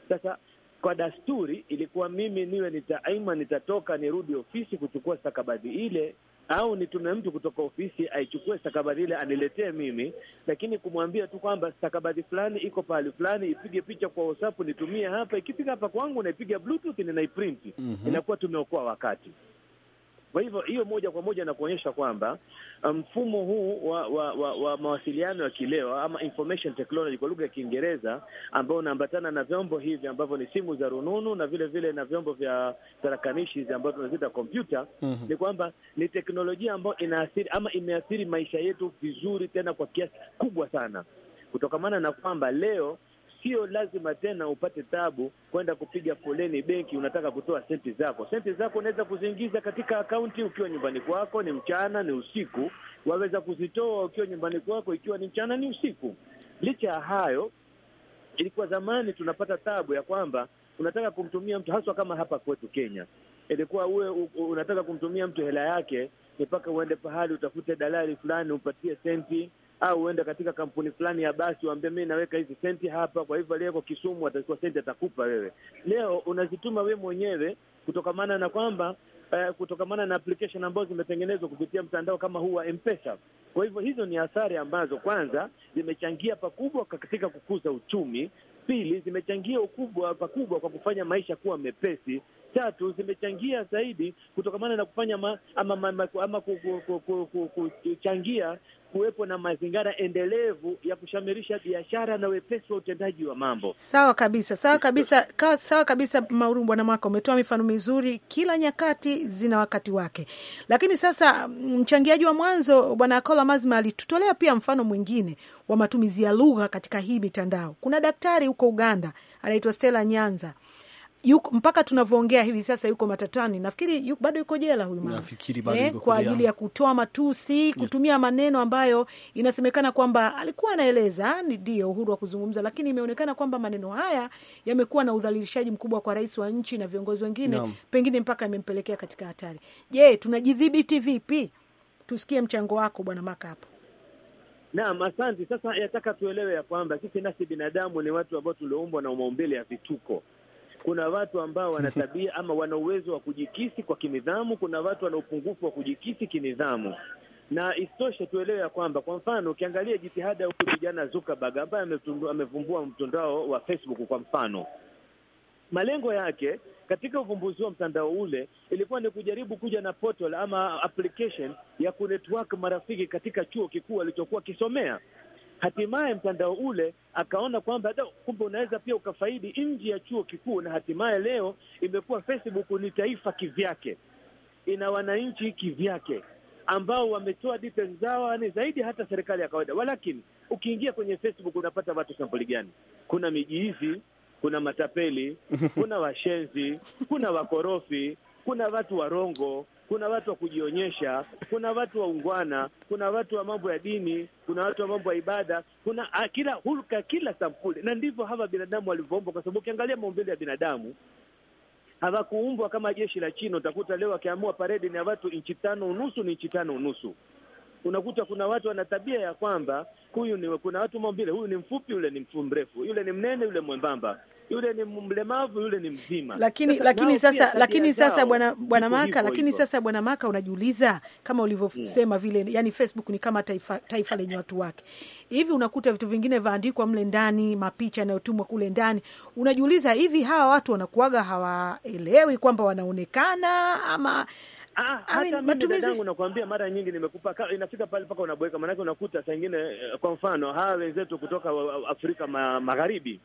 Sasa kwa dasturi ilikuwa mimi niwe nitaima, nitatoka nirudi ofisi kuchukua stakabadhi ile au nitume mtu kutoka ofisi aichukue stakabadhi ile aniletee mimi, lakini kumwambia tu kwamba stakabadhi fulani iko pahali fulani, ipige picha kwa WhatsApp nitumie hapa, ikipiga hapa kwangu naipiga bluetooth, ninaiprinti. mm -hmm. Inakuwa tumeokoa wakati. Kwa hivyo hiyo moja kwa moja nakuonyesha kwamba uh, mfumo um, huu wa, wa, wa, wa mawasiliano ya kilewa ama information technology kwa lugha ya Kiingereza ambao unaambatana na vyombo hivi ambavyo ni simu za rununu na vile vile na vyombo vya tarakanishi ambavyo tunaziita kompyuta mm -hmm. Ni kwamba ni teknolojia ambayo inaathiri ama imeathiri maisha yetu vizuri, tena kwa kiasi kubwa sana, kutokamana na kwamba leo sio lazima tena upate tabu kwenda kupiga foleni benki, unataka kutoa senti zako. Senti zako unaweza kuziingiza katika akaunti ukiwa nyumbani kwako, ni mchana, ni usiku, waweza kuzitoa ukiwa nyumbani kwako, ikiwa ni mchana, ni usiku. Licha ya hayo, ilikuwa zamani tunapata tabu ya kwamba unataka kumtumia mtu, haswa kama hapa kwetu Kenya, ilikuwa uwe unataka kumtumia mtu hela yake, ni mpaka uende pahali utafute dalali fulani umpatie senti au uende katika kampuni fulani ya basi, waambie mi naweka hizi senti hapa, kwa hivyo aliyeko Kisumu atakiwa senti atakupa wewe. Leo unazituma we mwenyewe, kutokamana na kwamba eh, kutokamana na application ambazo zimetengenezwa kupitia mtandao kama huu wa mpesa Kwa hivyo hizo ni athari ambazo kwanza zimechangia pakubwa katika kukuza uchumi, pili zimechangia ukubwa pakubwa kwa kufanya maisha kuwa mepesi tatu zimechangia zaidi kutokamana na kufanya ma, ama, ma, ama kuchangia kuwepo na mazingira endelevu ya kushamirisha biashara na wepesi wa utendaji wa mambo. Sawa kabisa, sawa kabisa, sawa kabisa. Mauru Bwana Mwaka, umetoa mifano mizuri. Kila nyakati zina wakati wake, lakini sasa mm, mchangiaji wa mwanzo Bwana Akola Mazima alitutolea pia mfano mwingine wa matumizi ya lugha katika hii mitandao. Kuna daktari huko Uganda anaitwa Stella Nyanza yuko, mpaka tunavyoongea hivi sasa yuko matatani, nafikiri yuko, bado yuko jela huyu mama eh, kwa ajili ya kutoa matusi, kutumia maneno ambayo inasemekana kwamba alikuwa anaeleza ndio uhuru wa kuzungumza, lakini imeonekana kwamba maneno haya yamekuwa na udhalilishaji mkubwa kwa rais wa nchi na viongozi wengine no. pengine mpaka imempelekea katika hatari. Je, tunajidhibiti vipi? Tusikie mchango wako bwana Maka hapo. Naam, asante. Sasa yataka tuelewe ya kwamba sisi nasi binadamu ni watu ambao tulioumbwa na maumbile ya vituko kuna watu ambao wana tabia ama wana uwezo wa kujikisi kwa kinidhamu, kuna watu wana upungufu wa kujikisi kinidhamu. Na isitoshe tuelewe ya kwamba kwa mfano ukiangalia jitihada huku kijana Zuckerberg ambaye amevumbua mtandao wa Facebook kwa mfano, malengo yake katika uvumbuzi wa mtandao ule ilikuwa ni kujaribu kuja na portal ama application ya kunetwork marafiki katika chuo kikuu alichokuwa akisomea. Hatimaye mtandao ule akaona kwamba kumbe unaweza pia ukafaidi nje ya chuo kikuu, na hatimaye leo imekuwa Facebook ni taifa kivyake, ina wananchi kivyake ambao wametoa details zao ni zaidi hata serikali ya kawaida. Walakini ukiingia kwenye Facebook unapata watu sampuli gani? Kuna mijiizi, kuna matapeli, (laughs) kuna washenzi, kuna wakorofi, kuna watu warongo, kuna watu wa kujionyesha, kuna watu wa ungwana, kuna watu wa mambo ya dini, kuna watu wa mambo ya ibada, kuna a, ah, kila hulka, kila sampuli, na ndivyo hawa binadamu walivyoumbwa, kwa sababu ukiangalia maumbile ya binadamu hawakuumbwa kama jeshi la China. Utakuta leo wakiamua paredi ni ya watu inchi tano unusu ni inchi tano unusu, unakuta kuna watu wana tabia ya kwamba huyu ni, kuna watu maumbile, huyu ni mfupi, yule ni mrefu, yule ni mnene, yule mwembamba, yule ni mlemavu, yule ni mzima. Lakini sasa, lakini sasa, lakini sasa bwana bwana Maka, lakini sasa bwana Maka, unajiuliza kama ulivyosema vile, yani Facebook ni kama taifa, taifa lenye watu wake hivi, unakuta vitu vingine vaandikwa mle ndani, mapicha yanayotumwa kule ndani, unajiuliza hivi hawa watu wanakuaga hawaelewi kwamba wanaonekana ama Ah, ah, hata mimi matumizi... dadangu nakwambia mara nyingi nimekupa inafika pale mpaka unaboeka, maanake unakuta saa ingine, eh, kwa mfano hawa wenzetu kutoka Afrika ma, magharibi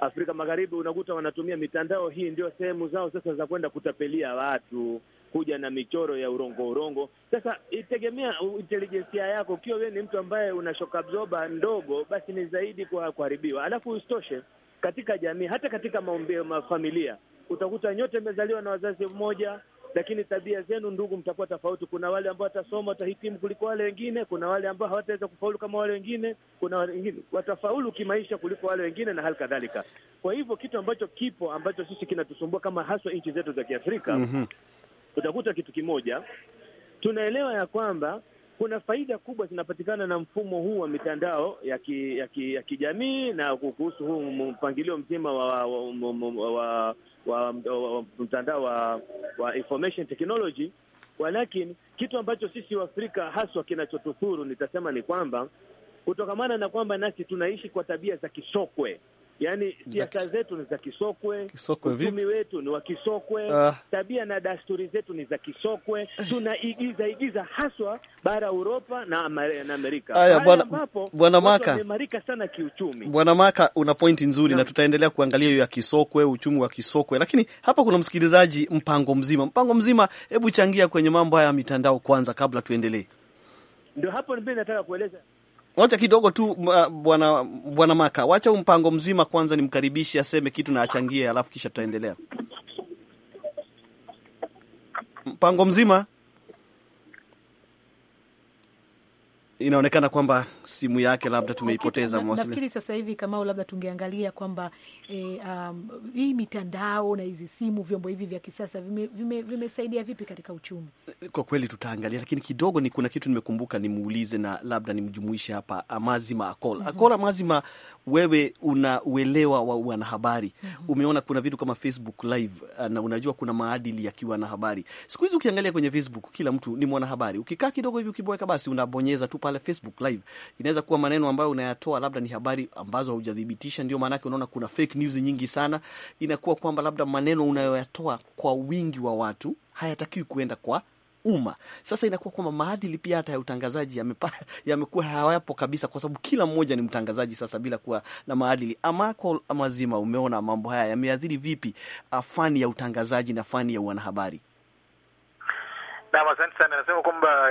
Afrika magharibi unakuta wanatumia mitandao hii, ndio sehemu zao sasa za kwenda kutapelia watu, kuja na michoro ya urongo urongo. Sasa itegemea intelijensia yako. Ukiwa wewe ni mtu ambaye una shock absorber ndogo, basi ni zaidi kwa kuharibiwa. Alafu usitoshe katika jamii, hata katika maombeo mafamilia, utakuta nyote mmezaliwa na wazazi mmoja lakini tabia zenu ndugu, mtakuwa tofauti. Kuna wale ambao watasoma watahitimu kuliko wale wengine, kuna wale ambao hawataweza kufaulu kama wale wengine, kuna wale wengine watafaulu kimaisha kuliko wale wengine na hali kadhalika. Kwa hivyo kitu ambacho kipo ambacho sisi kinatusumbua kama haswa nchi zetu za Kiafrika, mm -hmm. utakuta kitu kimoja, tunaelewa ya kwamba kuna faida kubwa zinapatikana na mfumo huu wa mitandao ya ki, ya, ki, ya kijamii na kuhusu huu mpangilio mzima wa, wa, wa, wa, wa mtandao wa, wa information technology. Walakini kitu ambacho sisi Waafrika haswa kinachotuthuru nitasema ni kwamba kutokamana na kwamba nasi tunaishi kwa tabia za kisokwe Yaani siasa zetu ni za kisokwe, uchumi wetu ni wa kisokwe, uh, tabia na dasturi zetu ni za kisokwe. Eh. Tunaigiza igiza haswa bara Uropa na, Amerika. Haya bwana Maka, wameimarika sana kiuchumi. Bwana Maka, una pointi nzuri na, na tutaendelea kuangalia hiyo ya kisokwe, uchumi wa kisokwe, lakini hapa kuna msikilizaji mpango mzima, mpango mzima, hebu changia kwenye mambo haya ya mitandao kwanza, kabla tuendelee. Ndio hapo mimi nataka kueleza Wacha kidogo tu eh, bwana bwana Maka, wacha mpango mzima kwanza, nimkaribishe aseme kitu na achangie, alafu kisha tutaendelea mpango mzima. inaonekana kwamba simu yake labda tumeipoteza. Nafikiri sasa hivi Kamau, labda tungeangalia kwamba e, um, hii mitandao na hizi simu, vyombo hivi vya kisasa vimesaidia vime, vime vipi katika uchumi? Kwa kweli tutaangalia, lakini kidogo ni kuna kitu nimekumbuka nimuulize, na labda nimjumuishe hapa Amazima Akola. Mhm. Akola Mazima, wewe una uelewa wa wanahabari mm -hmm. Umeona kuna vitu kama Facebook Live eh, na unajua kuna maadili ya kiwanahabari. Siku hizi ukiangalia kwenye Facebook kila mtu ni mwanahabari. Ukikaa kidogo hivi ukiboeka, basi unabonyeza tu pale Facebook Live, inaweza kuwa maneno ambayo unayatoa labda ni habari ambazo haujathibitisha, ndio maana yake unaona kuna fake news nyingi sana. Inakuwa kwamba labda maneno unayoyatoa kwa wingi wa watu hayatakiwi kuenda kwa umma. Sasa inakuwa kwamba maadili pia hata ya utangazaji yamekuwa ya hayapo kabisa, kwa sababu kila mmoja ni mtangazaji sasa bila kuwa na maadili. Amako mazima, umeona mambo haya yameathiri vipi ah, fani ya utangazaji na fani ya wanahabari? Naam, asante sana. Nasema kwamba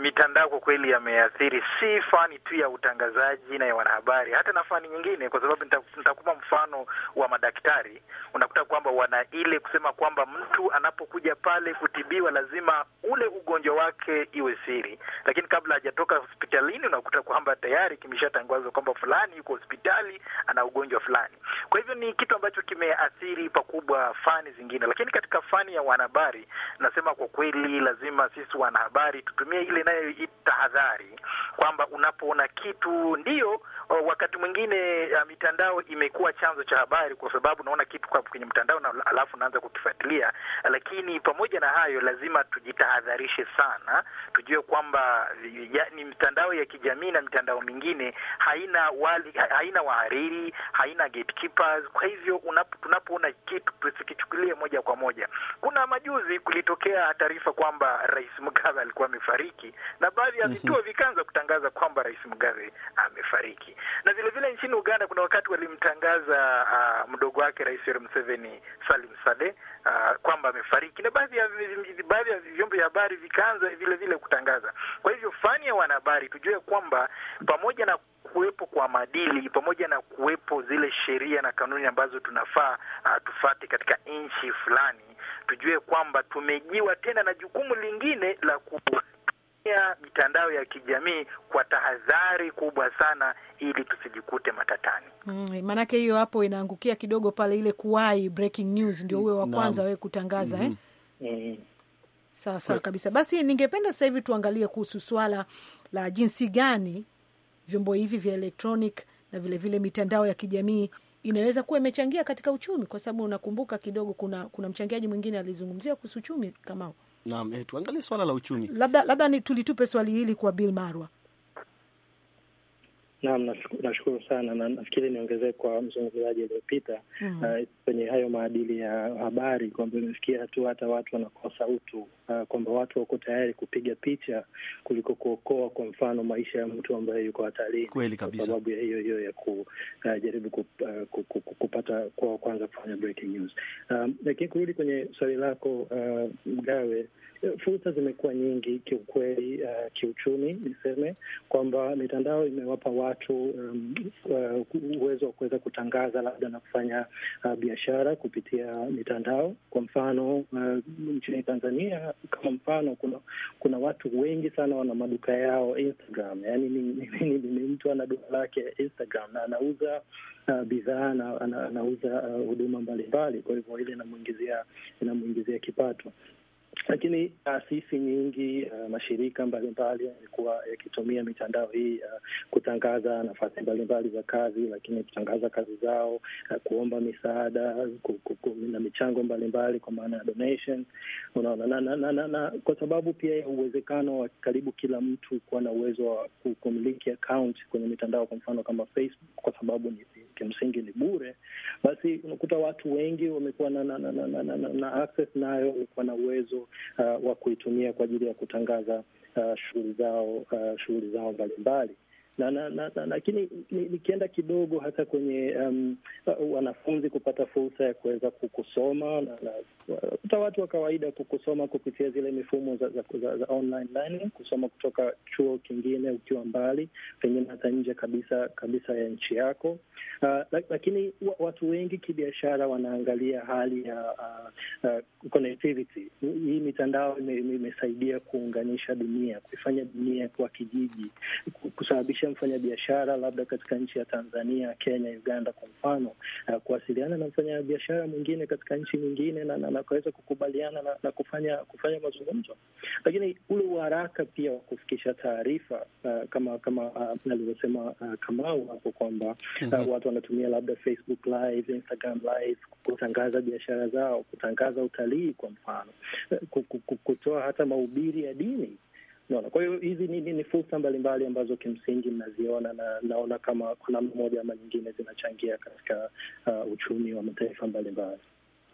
mitandao kwa kweli yameathiri si fani tu ya utangazaji na ya wanahabari, hata na fani nyingine, kwa sababu nitakupa mfano wa madaktari. Unakuta kwamba wana ile kusema kwamba mtu anapokuja pale kutibiwa lazima ule ugonjwa wake iwe siri, lakini kabla hajatoka hospitalini unakuta kwamba tayari kimeshatangazwa kwamba fulani yuko hospitali ana ugonjwa fulani. Kwa hivyo ni kitu ambacho kimeathiri pakubwa fani zingine, lakini katika fani ya wanahabari nasema kwa kweli lazima lazima sisi wanahabari tutumie ile inayoita tahadhari, kwamba unapoona kitu ndio wakati mwingine mitandao imekuwa chanzo cha habari, kwa sababu unaona kitu kwa kwenye mtandao na alafu unaanza kukifuatilia. Lakini pamoja na hayo, lazima tujitahadharishe sana, tujue kwamba ni mitandao ya kijamii na mitandao mingine haina wali, haina wahariri, haina gatekeepers. Kwa hivyo tunapoona kitu tusikichukulie moja kwa moja. Kuna majuzi kulitokea taarifa kwamba Rais Mugabe alikuwa amefariki, na baadhi ya mhm. vituo vikaanza kutangaza kwamba Rais Mugabe amefariki. Na vile vile nchini Uganda kuna wakati walimtangaza uh, mdogo wake Rais Yoweri Museveni Salim Saleh ah, uh, kwamba amefariki, na baadhi ya baadhi ya vyombo vya habari vikaanza vile vile kutangaza. Kwa hivyo fani ya wanahabari, tujue kwamba pamoja na kuwepo kwa maadili pamoja na kuwepo zile sheria na kanuni ambazo tunafaa uh, tufate katika nchi fulani tujue kwamba tumejiwa tena na jukumu lingine la kutumia mitandao ya kijamii kwa tahadhari kubwa sana, ili tusijikute matatani. Mm, maanake hiyo hapo inaangukia kidogo pale ile kuwai breaking news ndio uwe wa kwanza wewe kutangaza mm -hmm. eh? mm -hmm. Sawa sawa kabisa. Basi ningependa sasa hivi tuangalie kuhusu swala la jinsi gani vyombo hivi vya electronic na vilevile vile mitandao ya kijamii inaweza kuwa imechangia katika uchumi, kwa sababu unakumbuka kidogo, kuna kuna mchangiaji mwingine alizungumzia kuhusu uchumi kama Naam, eh, tuangalie swala la uchumi. Labda labda ni tulitupe swali hili kwa Bill Marwa. Naam, nashukuru sana na nafikiri niongezee kwa mzungumzaji aliyopita mm. uh, kwenye mm -hmm. Uh, hayo maadili ya habari kwamba imefikia hatua hata watu wanakosa utu uh, kwamba watu wako tayari kupiga picha kuliko kuokoa kwa mfano maisha ya mtu ambaye yuko hatarini. Kweli kabisa, sababu ya hiyo hiyo ya kujaribu uh, uh kupata kwa kwanza kufanya breaking news. Um, lakini kurudi kwenye swali lako uh, Mgawe, fursa zimekuwa nyingi kiukweli, uh, kiuchumi niseme kwamba mitandao imewapa watu um, uh, uwezo wa kuweza kutangaza labda na kufanya uh, biashara kupitia mitandao. Kwa mfano uh, nchini Tanzania kama mfano, kuna kuna watu wengi sana wana maduka yao Instagram. Yani ni, ni, ni, ni, ni mtu ana duka lake Instagram na anauza uh, bidhaa na anauza uh, huduma mbalimbali. Kwa hivyo ile inamwingizia inamwingizia kipato lakini taasisi uh, nyingi uh, mashirika mbalimbali yamekuwa mbali, yakitumia mitandao hii uh, kutangaza nafasi mbalimbali za kazi, lakini kutangaza kazi zao uh, kuomba misaada na michango mbalimbali kwa maana ya donation, unaona na, na, na, na, na, kwa sababu pia ya uwezekano wa karibu kila mtu kuwa na uwezo wa kumiliki account kwenye mitandao, kwa mfano kama Facebook, kwa sababu ni kimsingi ni bure, basi unakuta watu wengi wamekuwa na, na, na, na, na, na access nayo, wamekuwa na uwezo uh, wa kuitumia kwa ajili ya kutangaza uh, shughuli zao uh, shughuli zao mbalimbali na, na, na, na lakini nikienda kidogo hata kwenye um, wanafunzi kupata fursa ya kuweza kusoma na, na, hata watu wa kawaida kusoma kupitia zile mifumo za, za, za, za online learning, kusoma kutoka chuo kingine ukiwa mbali, pengine hata nje kabisa kabisa ya nchi yako. Uh, lakini watu wengi kibiashara wanaangalia hali ya uh, uh, connectivity. Hii mitandao imesaidia kuunganisha dunia, kuifanya dunia kuwa kijiji, kusababisha kumwezesha mfanyabiashara labda katika nchi ya Tanzania, Kenya, Uganda kwa mfano, uh, kuwasiliana na mfanyabiashara mwingine katika nchi nyingine na, na, na kaweza kukubaliana na, na kufanya kufanya mazungumzo, lakini ule uharaka pia wa kufikisha taarifa uh, kama kama uh, alivyosema uh, Kamau hapo kwamba uh, watu wanatumia labda Facebook Live, Instagram Live kutangaza biashara zao, kutangaza utalii kwa mfano, kutoa hata mahubiri ya dini Naona kwa hiyo hizi ni, ni, ni fursa mbalimbali ambazo kimsingi mnaziona na naona kama kwa namna moja ama nyingine zinachangia katika uh, uchumi wa mataifa mbalimbali.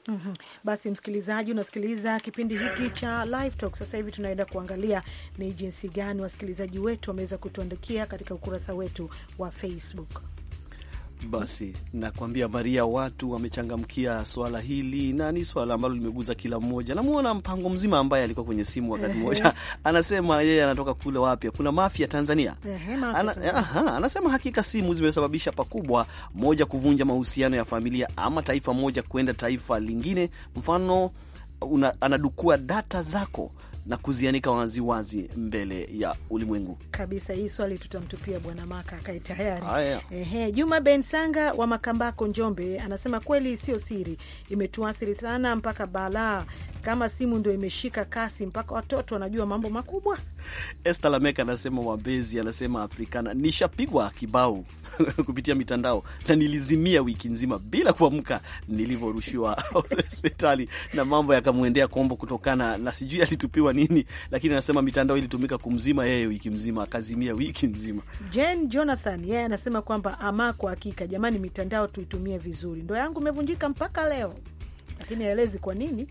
Mm -hmm. Basi msikilizaji, unasikiliza kipindi hiki cha Live Talk. Sasa hivi tunaenda kuangalia ni jinsi gani wasikilizaji wetu wameweza kutuandikia katika ukurasa wetu wa Facebook. Basi nakwambia Maria, watu wamechangamkia swala hili na ni swala ambalo limeguza kila mmoja. Namwona mpango mzima ambaye alikuwa kwenye simu wakati mmoja, (laughs) anasema yeye anatoka kule wapya, kuna mafia Tanzania. Ana, aha, anasema hakika simu zimesababisha pakubwa, moja kuvunja mahusiano ya familia ama taifa moja kwenda taifa lingine, mfano Una, anadukua data zako na kuzianika waziwazi mbele ya ulimwengu kabisa. Hii swali tutamtupia Bwana Maka akae tayari. Ehe, Juma Ben Sanga wa Makambako, Njombe, anasema kweli sio siri, imetuathiri sana mpaka balaa kama simu ndo imeshika kasi mpaka watoto wanajua mambo makubwa. Esther Lameka anasema wabezi, anasema Afrikana, nishapigwa kibao (laughs) kupitia mitandao na nilizimia wiki nzima bila kuamka nilivyorushiwa (laughs) hospitali na mambo yakamwendea kombo kutokana na sijui alitupiwa nini, lakini anasema mitandao ilitumika kumzima yeye wiki mzima, akazimia wiki nzima. Jane Jonathan yeye anasema kwamba ama kwa hakika, jamani, mitandao tuitumie vizuri. Ndoa yangu imevunjika mpaka leo, lakini aelezi kwa nini.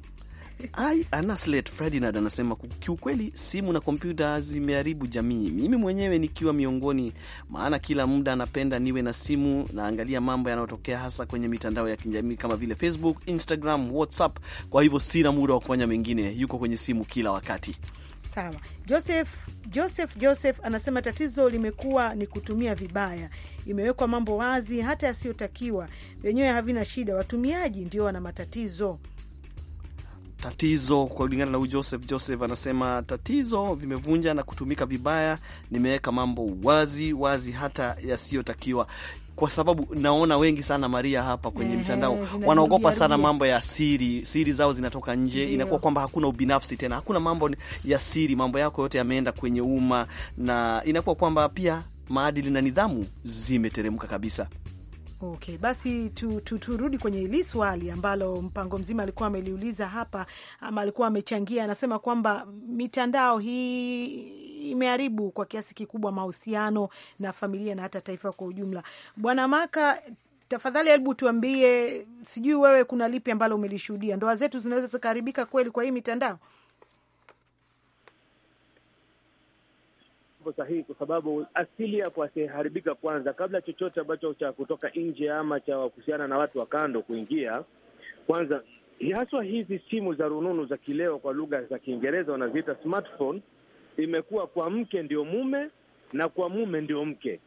Ai, Anaslet Ferdinand anasema kiukweli, simu na kompyuta zimeharibu jamii, mimi mwenyewe nikiwa miongoni, maana kila muda anapenda niwe na simu, naangalia mambo yanayotokea hasa kwenye mitandao ya kijamii kama vile Facebook, Instagram, WhatsApp. Kwa hivyo sina muda wa kufanya mengine, yuko kwenye simu kila wakati. Sawa. Joseph, Joseph, Joseph anasema tatizo limekuwa ni kutumia vibaya, imewekwa mambo wazi hata yasiyotakiwa, vyenyewe havina shida, watumiaji ndio wana matatizo tatizo kulingana na huyu Joseph. Joseph anasema tatizo vimevunja na kutumika vibaya, nimeweka mambo wazi wazi hata yasiyotakiwa kwa sababu naona wengi sana Maria hapa kwenye ehe, mtandao wanaogopa sana mambo ya siri. Siri zao zinatoka nje, inakuwa kwamba hakuna ubinafsi tena, hakuna mambo ya siri, mambo yako yote yameenda kwenye umma, na inakuwa kwamba pia maadili na nidhamu zimeteremka kabisa. Okay, basi turudi tu, tu, kwenye hili swali ambalo mpango mzima alikuwa ameliuliza hapa, ama alikuwa amechangia. Anasema kwamba mitandao hii imeharibu kwa kiasi kikubwa mahusiano na familia na hata taifa kwa ujumla. Bwana Maka, tafadhali hebu tuambie, sijui wewe kuna lipi ambalo umelishuhudia? Ndoa zetu zinaweza zikaharibika kweli kwa hii mitandao? hapo sahihi, kwa sababu asili yako asiharibika kwanza, kabla chochote ambacho cha kutoka nje ama cha kuhusiana na watu wa kando kuingia kwanza, haswa hizi simu za rununu za kileo, kwa lugha za Kiingereza wanaziita smartphone, imekuwa kwa mke ndio mume na kwa mume ndio mke.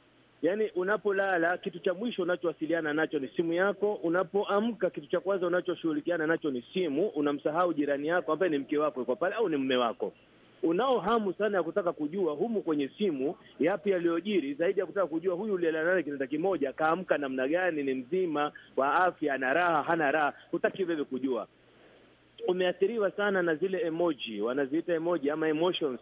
Yaani, unapolala kitu cha mwisho unachowasiliana nacho ni simu yako. Unapoamka kitu cha kwanza unachoshughulikiana nacho ni simu. Unamsahau jirani yako ambaye ni mke wako, yuko pale au ni mume wako unao hamu sana ya kutaka kujua humu kwenye simu yapi yaliyojiri, zaidi ya kutaka kujua huyu ulilala naye kitanda kimoja kaamka namna gani, ni mzima wa afya, ana raha, hana raha, hutaki wewe kujua umeathiriwa sana na zile emoji wanaziita emoji ama emotions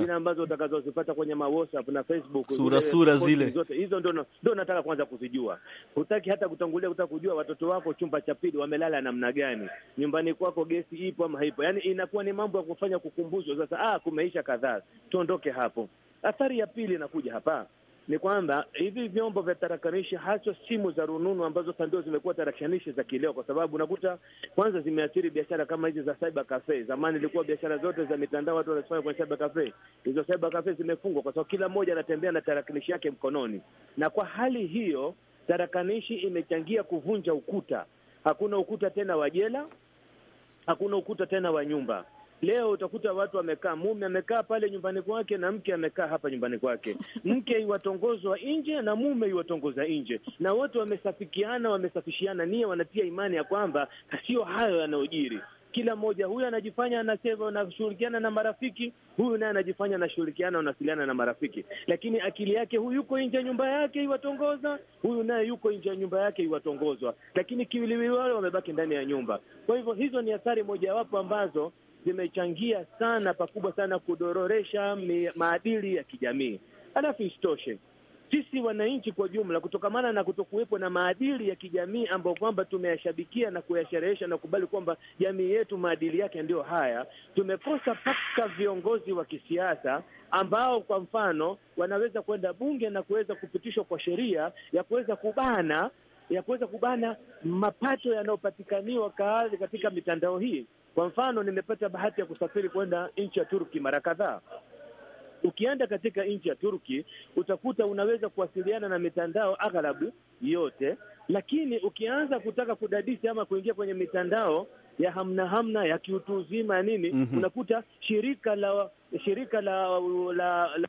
zile ambazo utakazozipata kwenye ma WhatsApp na Facebook, sura sura zile zote hizo, ndo ndo nataka kwanza kuzijua. Hutaki hata kutangulia, utaka kujua watoto wako chumba cha pili wamelala namna gani, nyumbani kwako gesi ipo ama haipo. Yani inakuwa ni mambo ya kufanya kukumbuzwa. Sasa ah, kumeisha kadhaa, tuondoke hapo. Athari ya pili inakuja hapa ni kwamba hivi vyombo vya tarakanishi hasa simu za rununu ambazo sasa ndio zimekuwa tarakanishi za kileo, kwa sababu unakuta kwanza zimeathiri biashara kama hizi za cyber cafe. Zamani ilikuwa biashara zote za mitandao watu wanazifanya kwenye cyber cafe, hizo cyber cafe zimefungwa kwa sababu kila mmoja anatembea na tarakanishi yake mkononi, na kwa hali hiyo tarakanishi imechangia kuvunja ukuta. Hakuna ukuta tena wa jela, hakuna ukuta tena wa nyumba. Leo utakuta watu wamekaa, mume amekaa pale nyumbani kwake na mke amekaa hapa nyumbani kwake, (laughs) mke iwatongozwa nje na mume iwatongoza nje, na wote wamesafikiana, wamesafishiana nia, wanatia imani ya kwamba sio hayo yanayojiri kila mmoja huyu anajifanya anasema anashughulikiana na marafiki, huyu naye anajifanya anashughulikiana anawasiliana na marafiki, lakini akili yake huyu yuko nje ya nyumba yake iwatongoza, huyu naye yuko nje ya nyumba yake iwatongozwa, lakini kiwiliwili wale wamebaki ndani ya nyumba. Kwa hivyo hizo ni athari mojawapo ambazo zimechangia sana pakubwa sana kudororesha maadili ya kijamii. Halafu isitoshe sisi wananchi kwa jumla, kutokamana na kutokuwepo na maadili ya kijamii ambayo kwamba tumeyashabikia na kuyasherehesha na kubali kwamba jamii yetu maadili yake ndiyo haya, tumekosa mpaka viongozi wa kisiasa ambao kwa mfano wanaweza kwenda bunge na kuweza kupitishwa kwa sheria ya kuweza kubana ya kuweza kubana mapato yanayopatikaniwa kaadhi katika mitandao hii. Kwa mfano, nimepata bahati ya kusafiri kwenda nchi ya Turki mara kadhaa. Ukienda katika nchi ya Turki utakuta unaweza kuwasiliana na mitandao aghalabu yote, lakini ukianza kutaka kudadisi ama kuingia kwenye mitandao ya hamna hamna ya kiutu uzima ya nini, mm -hmm. unakuta shirika la shirika la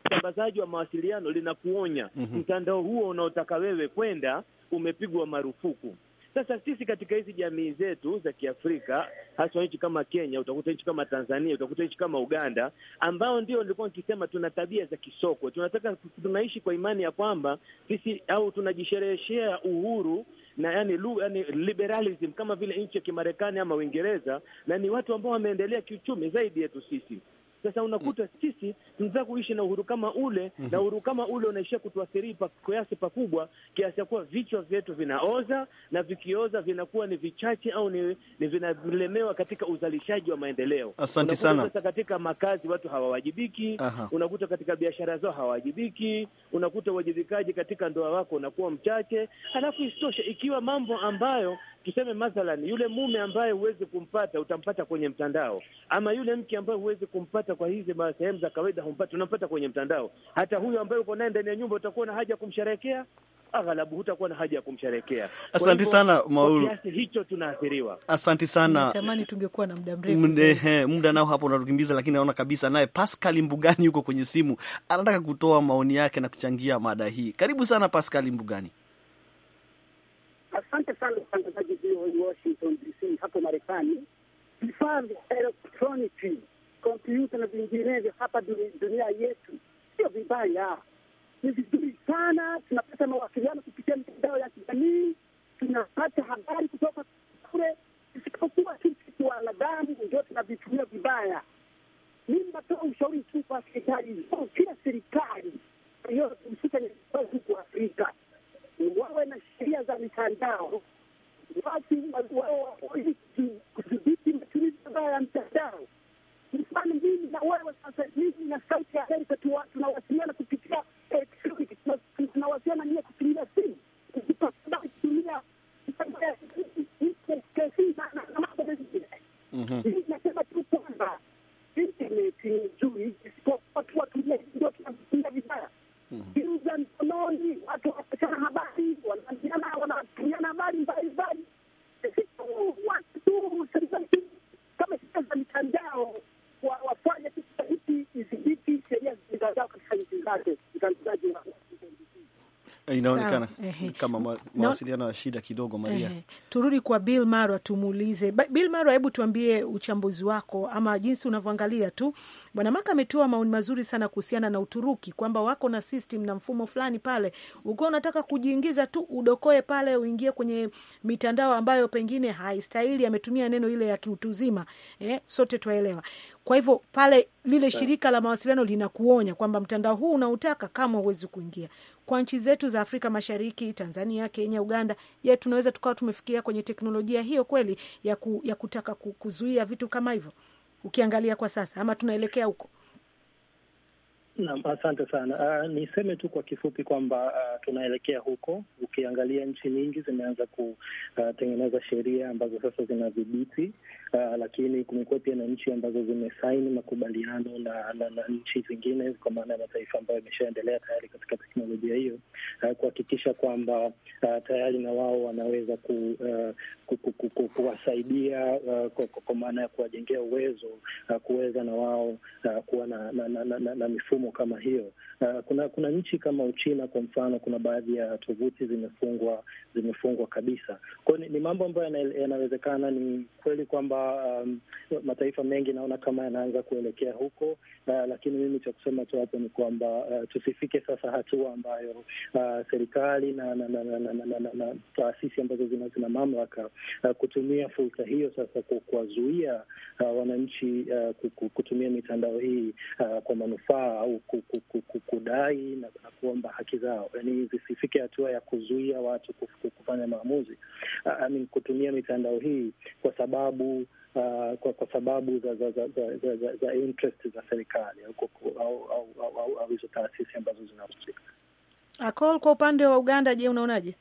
usambazaji wa mawasiliano linakuonya, mm -hmm. mtandao huo unaotaka wewe kwenda umepigwa marufuku. Sasa sisi katika hizi jamii zetu za Kiafrika, hasa nchi kama Kenya, utakuta nchi kama Tanzania, utakuta nchi kama Uganda, ambao ndio nilikuwa nikisema tuna tabia za kisoko. Tunataka tunaishi kwa imani ya kwamba sisi au tunajishereheshea uhuru na yani, lu, yani liberalism kama vile nchi ya Kimarekani ama Uingereza, na ni watu ambao wameendelea kiuchumi zaidi yetu sisi. Sasa unakuta mm. sisi tunataka kuishi na uhuru kama ule mm -hmm. na uhuru kama ule unaishia kutuathiri pa, kiasi pakubwa kiasi ya kuwa vichwa vyetu vinaoza, na vikioza vinakuwa ni vichache au ni, ni vinalemewa katika uzalishaji wa maendeleo. Asante sana. Sasa katika makazi watu hawawajibiki, unakuta katika biashara zao hawawajibiki, unakuta uwajibikaji katika ndoa wako unakuwa mchache, halafu isitoshe ikiwa mambo ambayo tuseme mathalan, yule mume ambaye huwezi kumpata utampata kwenye mtandao, ama yule mke ambaye huwezi kumpata kwa hizi sehemu za kawaida, humpati, unampata kwenye mtandao. Hata huyo ambaye uko naye ndani ya nyumba utakuwa na haja ya kumsherehekea aghalabu hutakuwa na haja ya kumsherekea. Asante sana Maulu, kiasi hicho tunaathiriwa. Asante sana, natamani tungekuwa na muda mrefu. Muda nao hapo unatukimbiza, lakini naona kabisa. Naye Pascal Mbugani yuko kwenye simu, anataka kutoa maoni yake na kuchangia mada hii. Karibu sana Pascal Mbugani. Washington DC hapo Marekani, vifaa vya elektroniki, kompyuta na vinginevyo hapa dunia yetu sio vibaya, ni vizuri sana. Tunapata mawasiliano kupitia mitandao ya kijamii, tunapata habari kutoka kule, isipokuwa sisi wanadamu ndio tunavitumia vibaya. Mimi natoa ushauri tu kwa serikali, kila serikali yoyote husika kwa Afrika wawe na sheria za mitandao watu kudhibiti matumizi mabaya ya mtandao. Mfano, mimi na wewe sasa hivi na Sauti ya Amerika tunawasiliana kupitia tunawasiliana nie kutumia simu kutumia na mhm. tu kwamba intaneti ni nzuri, isipokuwa tu watu ndio tunatumia vibaya simu za mkononi, watu wanapishana habari, wanaambiana, wanatumiana habari mbalimbali, watu tu serikali kama sheria za mitandao wafanye kitu hiki, izibiti sheria za mitandao katika nchi zake, mtangazaji wao Eh, inaonekana kama mawasiliano ya shida kidogo. Maria, turudi kwa Bill Marwa tumuulize. Bill Marwa, hebu tuambie uchambuzi wako ama jinsi unavyoangalia tu. Bwana Maka ametoa maoni mazuri sana kuhusiana na Uturuki kwamba wako na system na mfumo fulani pale, ukiwa unataka kujiingiza tu udokoe pale, uingie kwenye mitandao ambayo pengine haistahili. Ametumia neno ile ya kiutuzima, eh, sote twaelewa. Kwa hivyo pale lile shirika la mawasiliano linakuonya kwamba mtandao huu unautaka, kama huwezi kuingia kwa nchi zetu za Afrika Mashariki, Tanzania, Kenya, Uganda, je, tunaweza tukawa tumefikia kwenye teknolojia hiyo kweli ya, ku, ya kutaka kuzuia vitu kama hivyo ukiangalia kwa sasa, ama tunaelekea huko? Naam, asante sana. Uh, niseme tu kwa kifupi kwamba uh, tunaelekea huko. Ukiangalia nchi nyingi zimeanza kutengeneza ah, uh, sheria ambazo sasa zinadhibiti uh, lakini kumekuwa pia na nchi ambazo zimesaini makubaliano na, na, na nchi zingine kwa maana ya mataifa ambayo yameshaendelea tayari katika teknolojia hiyo uh, kuhakikisha kwamba uh, tayari na wao wanaweza ku, uh, ku, ku, ku, ku, kuwasaidia uh, kwa maana ya kuwajengea uwezo uh, kuweza na wao uh, kuwa na, na, na, na, na, na mifumo mifumo kama hiyo. Uh, kuna kuna nchi kama Uchina kwa mfano, kuna baadhi ya tovuti zimefungwa zimefungwa kabisa. Kwa ni, ni mambo ambayo yanawezekana. Ni kweli kwamba um, mataifa mengi naona kama yanaanza kuelekea huko, uh, lakini mimi cha kusema tu hapo ni kwamba uh, tusifike sasa hatua ambayo uh, serikali na na na, na, na, na, na, na taasisi ambazo zina, zina mamlaka uh, kutumia fursa hiyo sasa kuwazuia uh, wananchi uh, kutumia mitandao hii uh, kwa manufaa au kudai na kuomba haki zao, yani zisifike hatua ya kuzuia watu kufanya maamuzi, I mean, kutumia mitandao hii kwa sababu Uh, kwa, kwa sababu za za za, za, za, za, za interest za serikali au hizo taasisi ambazo zinahusika. Akol, kwa upande wa Uganda, je, unaonaje?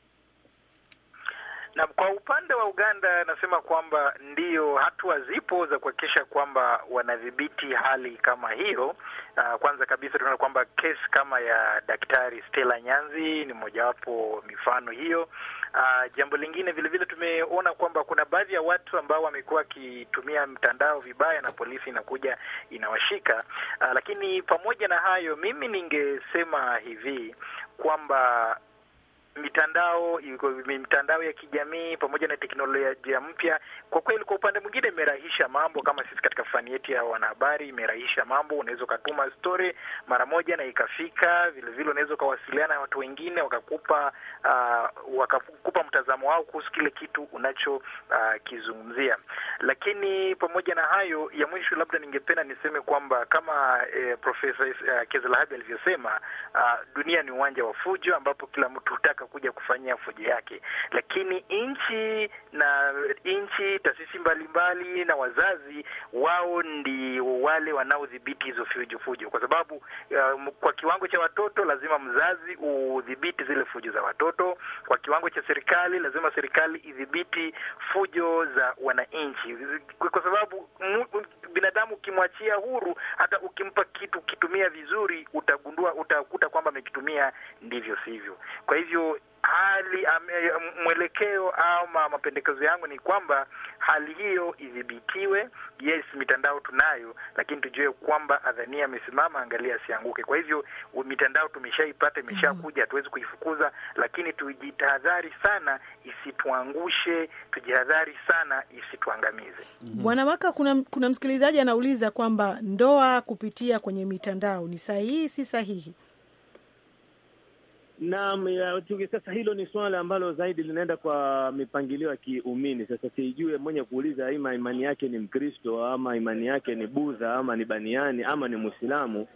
Na kwa upande wa Uganda nasema kwamba ndiyo hatua zipo za kuhakikisha kwamba wanadhibiti hali kama hiyo. Uh, kwanza kabisa tunaona kwamba kesi kama ya Daktari Stella Nyanzi ni mojawapo mifano hiyo. Uh, jambo lingine vilevile tumeona kwamba kuna baadhi ya watu ambao wamekuwa wakitumia mtandao vibaya na polisi inakuja inawashika. Uh, lakini pamoja na hayo, mimi ningesema hivi kwamba mitandao mitandao ya kijamii pamoja na teknolojia mpya, kwa kweli, kwa upande mwingine imerahisha mambo. Kama sisi katika fani yetu ya wanahabari, imerahisha mambo. Unaweza ukatuma story mara moja na ikafika. Vilevile unaweza ukawasiliana na watu wengine wakakupa, uh, wakakupa mtazamo wao kuhusu kile kitu unachokizungumzia. Uh, lakini pamoja na hayo, ya mwisho labda ningependa niseme kwamba kama eh, Profesa uh, eh, Kezilahabi alivyosema, uh, dunia ni uwanja wa fujo ambapo kila mtu hutaka akakuja kufanyia fujo yake, lakini nchi na nchi, taasisi mbalimbali na wazazi wao ndio wale wanaodhibiti hizo fujo fujo, kwa sababu um, kwa kiwango cha watoto lazima mzazi udhibiti zile fujo za watoto. Kwa kiwango cha serikali lazima serikali idhibiti fujo za wananchi, kwa sababu binadamu ukimwachia huru, hata ukimpa kitu ukitumia vizuri, utagundua utakuta kwamba amekitumia ndivyo sivyo. Kwa hivyo hali mwelekeo ama mapendekezo yangu ni kwamba hali hiyo idhibitiwe. Yes, mitandao tunayo, lakini tujue kwamba adhania amesimama, angalia asianguke. Kwa hivyo mitandao tumeshaipata, imeshakuja, mm-hmm. hatuwezi kuifukuza, lakini tujitahadhari sana isituangushe, tujihadhari sana isituangamize. Mm-hmm. Bwana Waka, kuna, kuna msikilizaji anauliza kwamba ndoa kupitia kwenye mitandao ni sahihi si sahihi? Naam, sasa hilo ni suala ambalo zaidi linaenda kwa mipangilio ya kiumini. Sasa sijue mwenye kuuliza ima imani yake ni Mkristo ama imani yake ni Budha ama ni Baniani ama ni Mwislamu,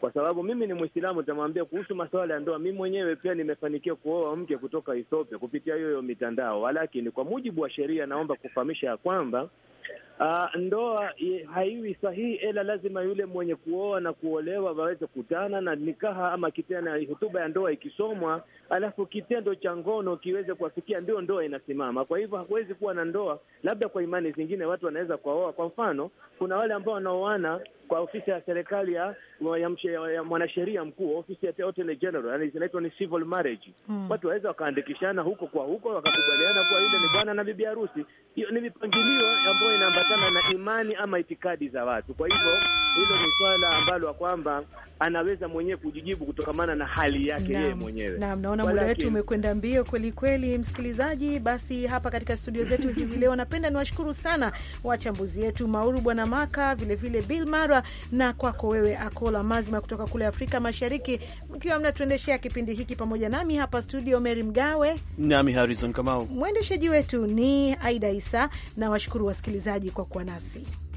kwa sababu mimi ni Mwislamu. tamwambia kuhusu masuala ya ndoa, mi mwenyewe pia nimefanikiwa kuoa mke kutoka Ethiopia kupitia hiyoyo hiyo mitandao, walakini kwa mujibu wa sheria, naomba kufahamisha ya kwamba Uh, ndoa haiwi sahihi, ila lazima yule mwenye kuoa na kuolewa waweze kutana na nikaha ama kitena, hutuba ya ndoa ikisomwa, alafu kitendo cha ngono kiweze kuwafikia, ndio ndoa inasimama. Kwa hivyo hakuwezi kuwa na ndoa, labda kwa imani zingine watu wanaweza kuoa. Kwa mfano, kuna wale ambao wanaoana kwa ofisi ya serikali ya, ya, ya mwanasheria mkuu, ofisi ya attorney general, yani zinaitwa ni civil marriage mm. Watu waweza wakaandikishana huko kwa huko wakakubaliana kuwa yule ni bwana na bibi harusi. Hiyo ni mipangilio ambayo inaambatana na imani ama itikadi za watu. Kwa hivyo hilo ni swala ambalo kwamba anaweza mwenyewe kujijibu kutokamana na hali yake yeye mwenyewe. Naam, naona muda wetu umekwenda mbio kweli kweli, msikilizaji. Basi hapa katika studio zetu hivi leo napenda niwashukuru sana wachambuzi wetu Mauru Bwana Maka, vilevile Bill Mara na kwako wewe Akola Mazima kutoka kule Afrika Mashariki, mkiwa mnatuendeshea kipindi hiki pamoja nami hapa studio, mery Mgawe nami Harrison Kamau. Mwendeshaji wetu ni Aida Isa, na washukuru wasikilizaji kwa kuwa nasi.